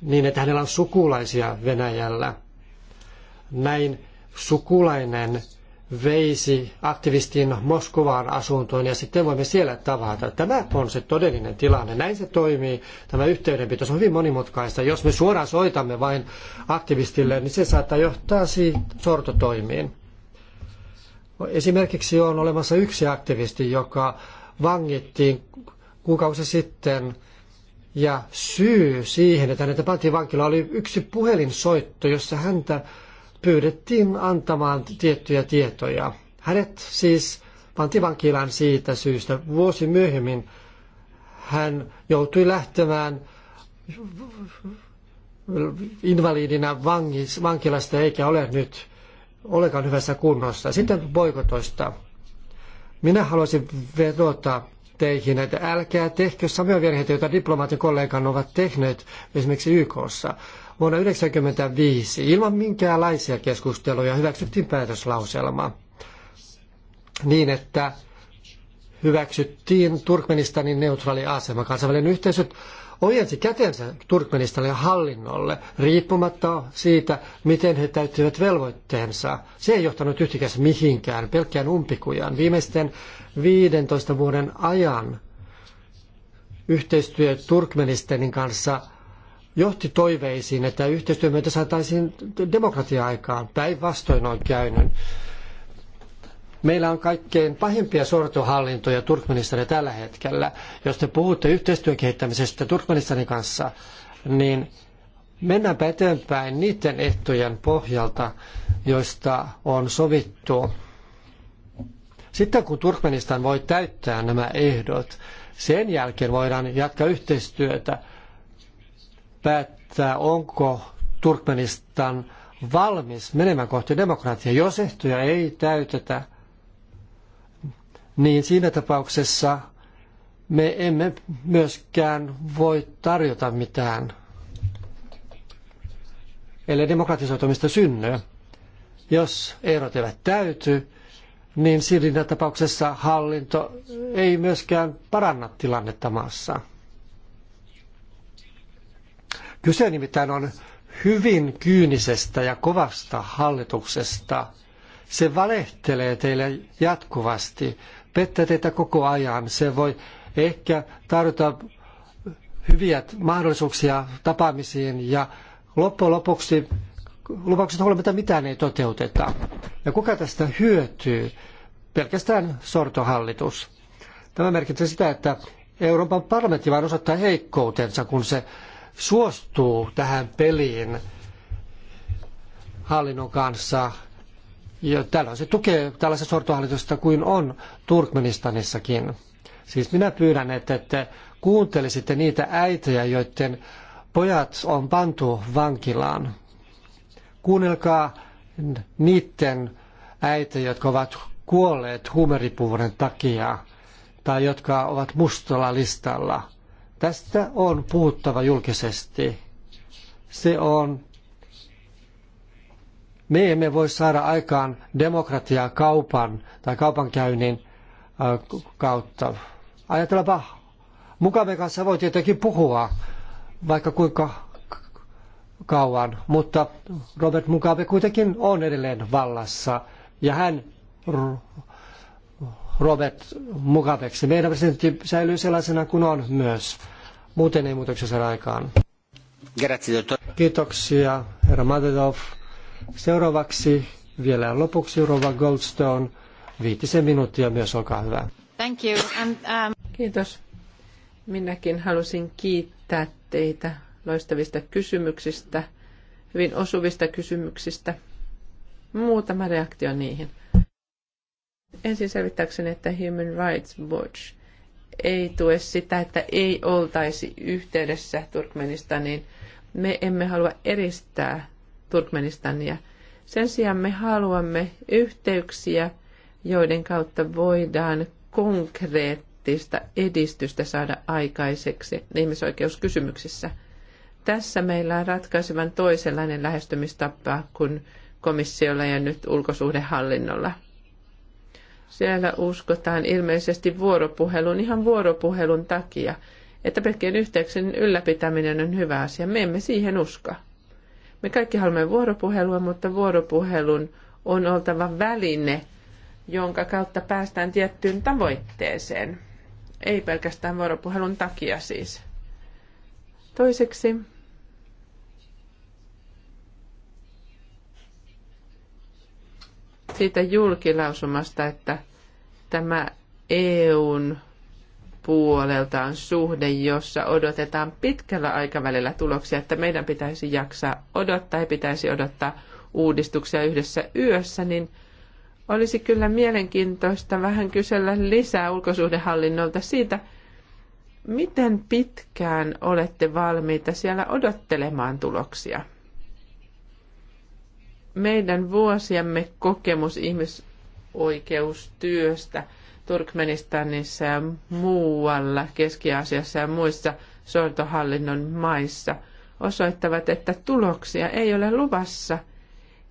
niin että hänellä on sukulaisia Venäjällä. Näin sukulainen veisi aktivistin Moskovaan asuntoon ja sitten voimme siellä tavata. Tämä on se todellinen tilanne. Näin se toimii. Tämä yhteydenpito se on hyvin monimutkaista. Jos me suoraan soitamme vain aktivistille, niin se saattaa johtaa siitä sortotoimiin. Esimerkiksi on olemassa yksi aktivisti, joka vangittiin kuukausi sitten ja syy siihen, että hänet pantiin vankila oli yksi puhelinsoitto, jossa häntä pyydettiin antamaan tiettyjä tietoja. Hänet siis panti vankilaan siitä syystä. Vuosi myöhemmin hän joutui lähtemään invalidina vangis, vankilasta eikä ole nyt olekaan hyvässä kunnossa. Sitten boikotoista. Minä haluaisin vedota teihin, että älkää tehkö samoja virheitä, joita diplomaatin kollegan ovat tehneet esimerkiksi YKssa vuonna 1995 ilman minkäänlaisia keskusteluja hyväksyttiin päätöslauselma niin, että hyväksyttiin Turkmenistanin neutraali asema. Kansainvälinen yhteisö ojensi kätensä Turkmenistanin hallinnolle riippumatta siitä, miten he täyttivät velvoitteensa. Se ei johtanut yhtikäs mihinkään, pelkkään umpikujaan. Viimeisten 15 vuoden ajan yhteistyö Turkmenistanin kanssa – johti toiveisiin, että yhteistyön myötä saataisiin demokratia aikaan. Päinvastoin on käynyt. Meillä on kaikkein pahimpia sortohallintoja Turkmenistania tällä hetkellä. Jos te puhutte yhteistyön kehittämisestä Turkmenistanin kanssa, niin mennäänpä eteenpäin niiden ehtojen pohjalta, joista on sovittu. Sitten kun Turkmenistan voi täyttää nämä ehdot, sen jälkeen voidaan jatkaa yhteistyötä – päättää, onko Turkmenistan valmis menemään kohti demokratiaa. Jos ehtoja ei täytetä, niin siinä tapauksessa me emme myöskään voi tarjota mitään, ellei demokratisoitumista synny. Jos ehdot eivät täyty, niin siinä tapauksessa hallinto ei myöskään paranna tilannetta maassa. Kyse nimittäin on hyvin kyynisestä ja kovasta hallituksesta. Se valehtelee teille jatkuvasti, pettää teitä koko ajan. Se voi ehkä tarjota hyviä mahdollisuuksia tapaamisiin ja loppujen lopuksi lupaukset huolimatta mitään ei toteuteta. Ja kuka tästä hyötyy? Pelkästään sortohallitus. Tämä merkitsee sitä, että Euroopan parlamentti vain osoittaa heikkoutensa, kun se suostuu tähän peliin hallinnon kanssa. Ja täällä se tukee tällaista sortohallitusta kuin on Turkmenistanissakin. Siis minä pyydän, että, että kuuntelisitte niitä äitejä, joiden pojat on pantu vankilaan. Kuunnelkaa niiden äitejä, jotka ovat kuolleet huumeripuvuuden takia tai jotka ovat mustalla listalla – Tästä on puhuttava julkisesti. Se on me emme voi saada aikaan demokratiaa kaupan tai kaupankäynnin kautta. Ajatellaanpa, mukamme kanssa voi tietenkin puhua, vaikka kuinka kauan, mutta Robert Mugabe kuitenkin on edelleen vallassa ja hän Robert Mugabeksi. Meidän presidentti säilyy sellaisena kuin on myös. Muuten ei muutoksia saada aikaan. Kiitoksia, herra Madedov. Seuraavaksi vielä lopuksi Rova Goldstone. Viitisen minuuttia myös, olkaa hyvä. Thank you. And, um... Kiitos. Minäkin halusin kiittää teitä loistavista kysymyksistä, hyvin osuvista kysymyksistä. Muutama reaktio niihin. Ensin selvittääkseni, että Human Rights Watch ei tue sitä, että ei oltaisi yhteydessä Turkmenistaniin. Me emme halua eristää Turkmenistania. Sen sijaan me haluamme yhteyksiä, joiden kautta voidaan konkreettista edistystä saada aikaiseksi ihmisoikeuskysymyksissä. Tässä meillä on ratkaisevan toisenlainen lähestymistapa kuin komissiolla ja nyt ulkosuhdehallinnolla – siellä uskotaan ilmeisesti vuoropuhelun, ihan vuoropuhelun takia, että pelkkien yhteyksien ylläpitäminen on hyvä asia. Me emme siihen usko. Me kaikki haluamme vuoropuhelua, mutta vuoropuhelun on oltava väline, jonka kautta päästään tiettyyn tavoitteeseen. Ei pelkästään vuoropuhelun takia siis. Toiseksi siitä julkilausumasta, että tämä EUn puolelta on suhde, jossa odotetaan pitkällä aikavälillä tuloksia, että meidän pitäisi jaksaa odottaa, ja pitäisi odottaa uudistuksia yhdessä yössä, niin olisi kyllä mielenkiintoista vähän kysellä lisää ulkosuhdehallinnolta siitä, miten pitkään olette valmiita siellä odottelemaan tuloksia meidän vuosiemme kokemus ihmisoikeustyöstä Turkmenistanissa ja muualla, Keski-Aasiassa ja muissa sortohallinnon maissa osoittavat, että tuloksia ei ole luvassa,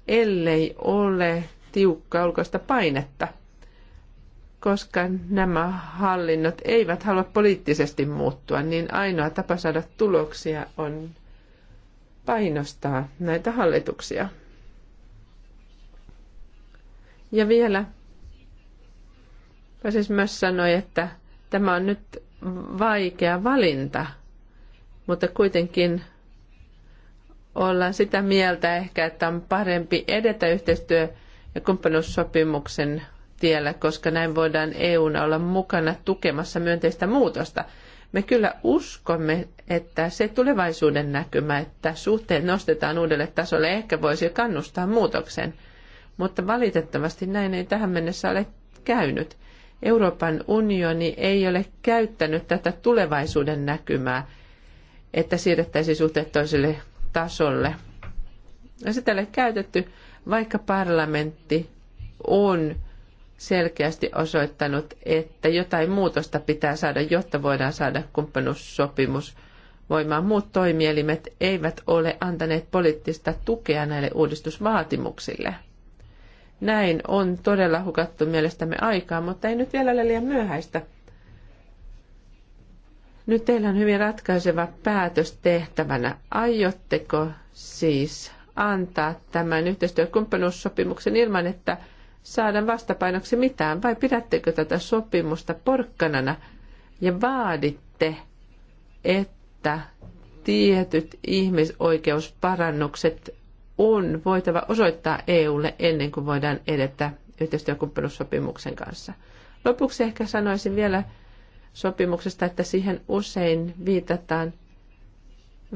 ellei ole tiukkaa ulkoista painetta, koska nämä hallinnot eivät halua poliittisesti muuttua, niin ainoa tapa saada tuloksia on painostaa näitä hallituksia. Ja vielä, siis myös sanoi, että tämä on nyt vaikea valinta, mutta kuitenkin ollaan sitä mieltä ehkä, että on parempi edetä yhteistyö- ja kumppanuussopimuksen tiellä, koska näin voidaan EUna olla mukana tukemassa myönteistä muutosta. Me kyllä uskomme, että se tulevaisuuden näkymä, että suhteet nostetaan uudelle tasolle, ehkä voisi kannustaa muutokseen – mutta valitettavasti näin ei tähän mennessä ole käynyt. Euroopan unioni ei ole käyttänyt tätä tulevaisuuden näkymää, että siirrettäisiin suhteet toiselle tasolle. Ja sitä ei ole käytetty, vaikka parlamentti on selkeästi osoittanut, että jotain muutosta pitää saada, jotta voidaan saada kumppanuussopimus voimaan. Muut toimielimet eivät ole antaneet poliittista tukea näille uudistusvaatimuksille. Näin on todella hukattu mielestämme aikaa, mutta ei nyt vielä ole liian myöhäistä. Nyt teillä on hyvin ratkaiseva päätös tehtävänä. Aiotteko siis antaa tämän yhteistyökumppanuussopimuksen ilman, että saadaan vastapainoksi mitään, vai pidättekö tätä sopimusta porkkanana ja vaaditte, että tietyt ihmisoikeusparannukset on voitava osoittaa EUlle ennen kuin voidaan edetä yhteistyökumppanuussopimuksen kanssa. Lopuksi ehkä sanoisin vielä sopimuksesta, että siihen usein viitataan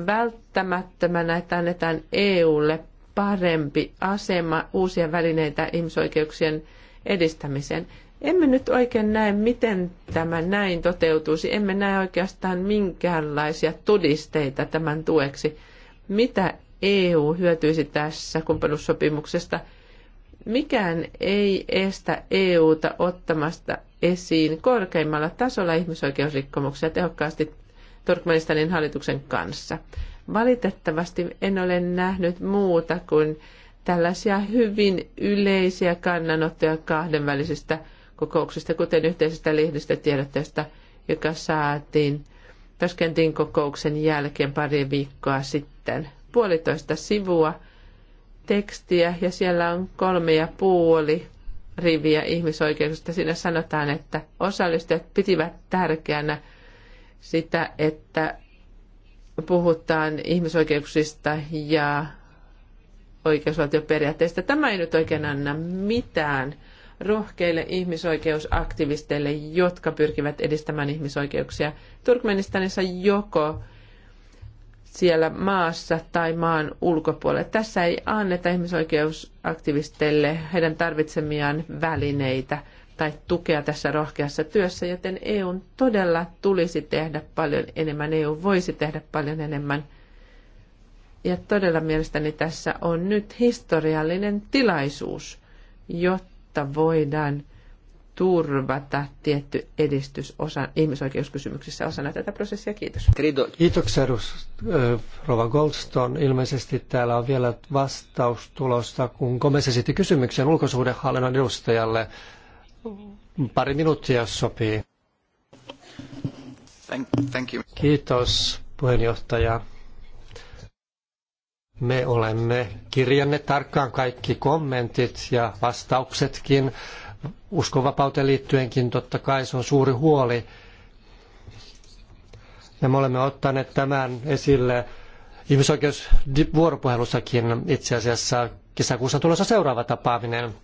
välttämättömänä, että annetaan EUlle parempi asema uusia välineitä ihmisoikeuksien edistämiseen. Emme nyt oikein näe, miten tämä näin toteutuisi. Emme näe oikeastaan minkäänlaisia todisteita tämän tueksi, mitä EU hyötyisi tässä kumppanuussopimuksesta. Mikään ei estä EUta ottamasta esiin korkeimmalla tasolla ihmisoikeusrikkomuksia tehokkaasti Turkmenistanin hallituksen kanssa. Valitettavasti en ole nähnyt muuta kuin tällaisia hyvin yleisiä kannanottoja kahdenvälisistä kokouksista, kuten yhteisestä lehdistötiedotteesta, joka saatiin Taskentin kokouksen jälkeen pari viikkoa sitten puolitoista sivua tekstiä ja siellä on kolme ja puoli riviä ihmisoikeuksista. Siinä sanotaan, että osallistujat pitivät tärkeänä sitä, että puhutaan ihmisoikeuksista ja oikeusvaltioperiaatteista. Tämä ei nyt oikein anna mitään rohkeille ihmisoikeusaktivisteille, jotka pyrkivät edistämään ihmisoikeuksia. Turkmenistanissa joko siellä maassa tai maan ulkopuolella. Tässä ei anneta ihmisoikeusaktivisteille heidän tarvitsemiaan välineitä tai tukea tässä rohkeassa työssä, joten EUn todella tulisi tehdä paljon enemmän, EU voisi tehdä paljon enemmän. Ja todella mielestäni tässä on nyt historiallinen tilaisuus, jotta voidaan turvata tietty edistys osa, ihmisoikeuskysymyksissä osana tätä prosessia. Kiitos. Kiitoksia, eh, Rova Goldstone. Ilmeisesti täällä on vielä vastaus tulosta, kun Gomez esitti kysymyksen ulkosuhdehallinnon edustajalle. Pari minuuttia, jos sopii. Thank, thank you. Kiitos, puheenjohtaja. Me olemme kirjanneet tarkkaan kaikki kommentit ja vastauksetkin uskonvapauteen liittyenkin totta kai se on suuri huoli. Ja me olemme ottaneet tämän esille ihmisoikeusvuoropuhelussakin itse asiassa kesäkuussa tulossa seuraava tapaaminen.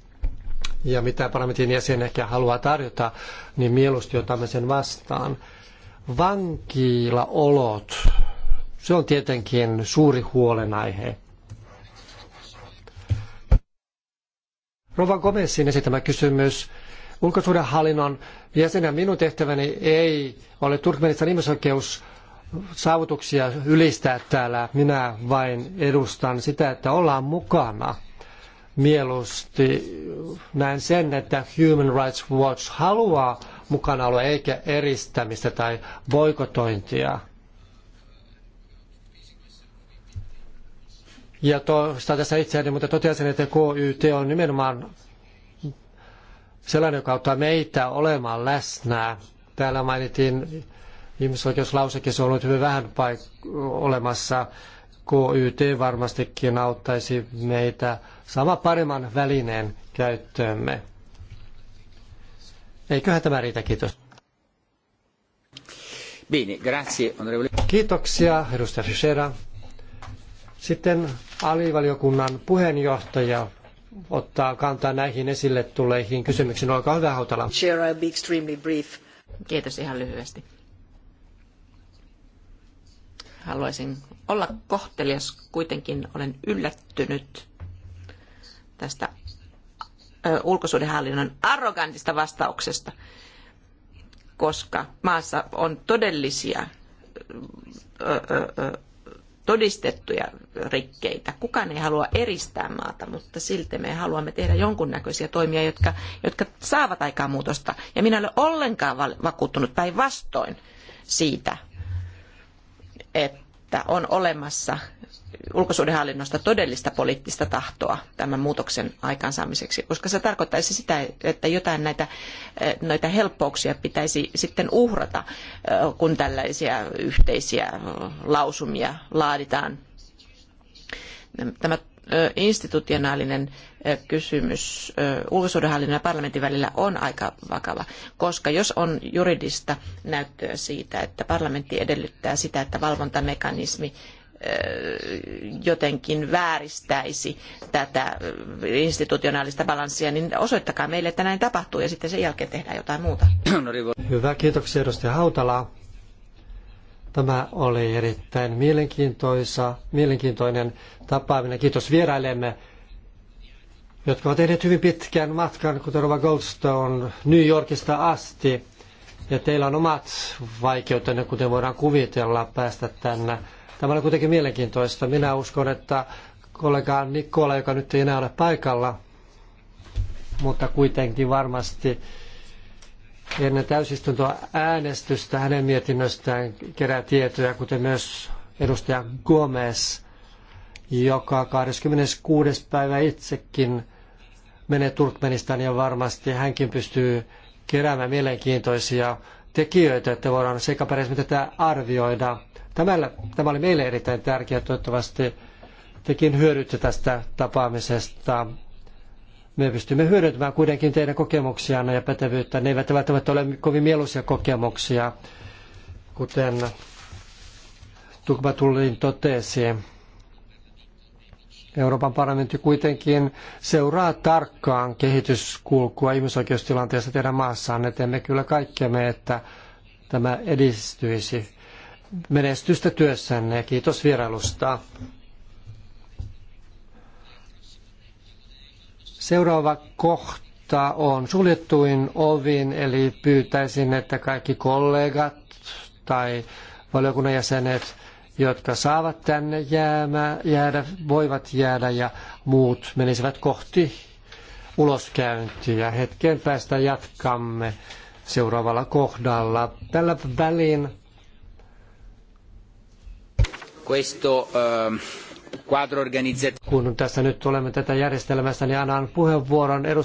Ja mitä parlamentin jäsen ehkä haluaa tarjota, niin mieluusti otamme sen vastaan. Vankilaolot, se on tietenkin suuri huolenaihe. Rova Gomesin esittämä kysymys. Ulkosuhdehallinnon jäsenen minun tehtäväni ei ole Turkmenistan ihmisoikeus saavutuksia ylistää täällä. Minä vain edustan sitä, että ollaan mukana mieluusti. Näen sen, että Human Rights Watch haluaa mukana olla eikä eristämistä tai boikotointia. ja toistan tässä itseäni, mutta totesin, että KYT on nimenomaan sellainen, joka auttaa meitä olemaan läsnä. Täällä mainitin ihmisoikeuslausekin, se on ollut hyvin vähän paik- olemassa. KYT varmastikin auttaisi meitä sama paremman välineen käyttöömme. Eiköhän tämä riitä, kiitos. Bene, grazie, onorevole. Kiitoksia, edustaja Fischera. Sitten alivaliokunnan puheenjohtaja ottaa kantaa näihin esille tulleihin kysymyksiin. Olkaa hyvä, Hautala. Chair, I'll be extremely brief. Kiitos ihan lyhyesti. Haluaisin olla kohtelias, kuitenkin olen yllättynyt tästä ulkosuudenhallinnon arrogantista vastauksesta, koska maassa on todellisia todistettuja rikkeitä. Kukaan ei halua eristää maata, mutta silti me haluamme tehdä jonkunnäköisiä toimia, jotka, jotka saavat aikaa muutosta. Ja minä olen ollenkaan vakuuttunut päinvastoin siitä, että on olemassa ulkosuhdehallinnosta todellista poliittista tahtoa tämän muutoksen aikaansaamiseksi, koska se tarkoittaisi sitä, että jotain näitä eh, noita helppouksia pitäisi sitten uhrata, eh, kun tällaisia yhteisiä lausumia laaditaan. Tämä eh, institutionaalinen kysymys ulkosuhdehallinnon ja parlamentin välillä on aika vakava, koska jos on juridista näyttöä siitä, että parlamentti edellyttää sitä, että valvontamekanismi jotenkin vääristäisi tätä äh, institutionaalista balanssia, niin osoittakaa meille, että näin tapahtuu ja sitten sen jälkeen tehdään jotain muuta. Hyvä, kiitoksia edustaja Hautala. Tämä oli erittäin mielenkiintoisa, mielenkiintoinen tapaaminen. Kiitos vierailemme, jotka ovat tehneet hyvin pitkän matkan, kuten Rova Goldstone New Yorkista asti. Ja teillä on omat vaikeutenne, kuten voidaan kuvitella, päästä tänne Tämä oli kuitenkin mielenkiintoista. Minä uskon, että kollega Nikola, joka nyt ei enää ole paikalla, mutta kuitenkin varmasti ennen täysistuntoa äänestystä hänen mietinnöstään kerää tietoja, kuten myös edustaja Gomez, joka 26. päivä itsekin menee Turkmenistan ja varmasti hänkin pystyy keräämään mielenkiintoisia tekijöitä, että voidaan sekä tätä arvioida – Tämä, tämä oli meille erittäin tärkeää. Toivottavasti tekin hyödytte tästä tapaamisesta. Me pystymme hyödyntämään kuitenkin teidän kokemuksianne ja pätevyyttä. Ne eivät välttämättä ole kovin mieluisia kokemuksia, kuten Tukbatullin totesi. Euroopan parlamentti kuitenkin seuraa tarkkaan kehityskulkua ihmisoikeustilanteessa teidän maassanne. Teemme kyllä kaikkemme, että tämä edistyisi menestystä työssänne ja kiitos vierailusta. Seuraava kohta on suljettuin ovin, eli pyytäisin, että kaikki kollegat tai valiokunnan jäsenet, jotka saavat tänne jäämä, jäädä, voivat jäädä ja muut menisivät kohti uloskäyntiä. Hetken päästä jatkamme seuraavalla kohdalla. Tällä välin questo ehm, quadro organizzativo. Kun tässä nyt olemme tätä järjestelmässä, niin annan puheenvuoron edustaja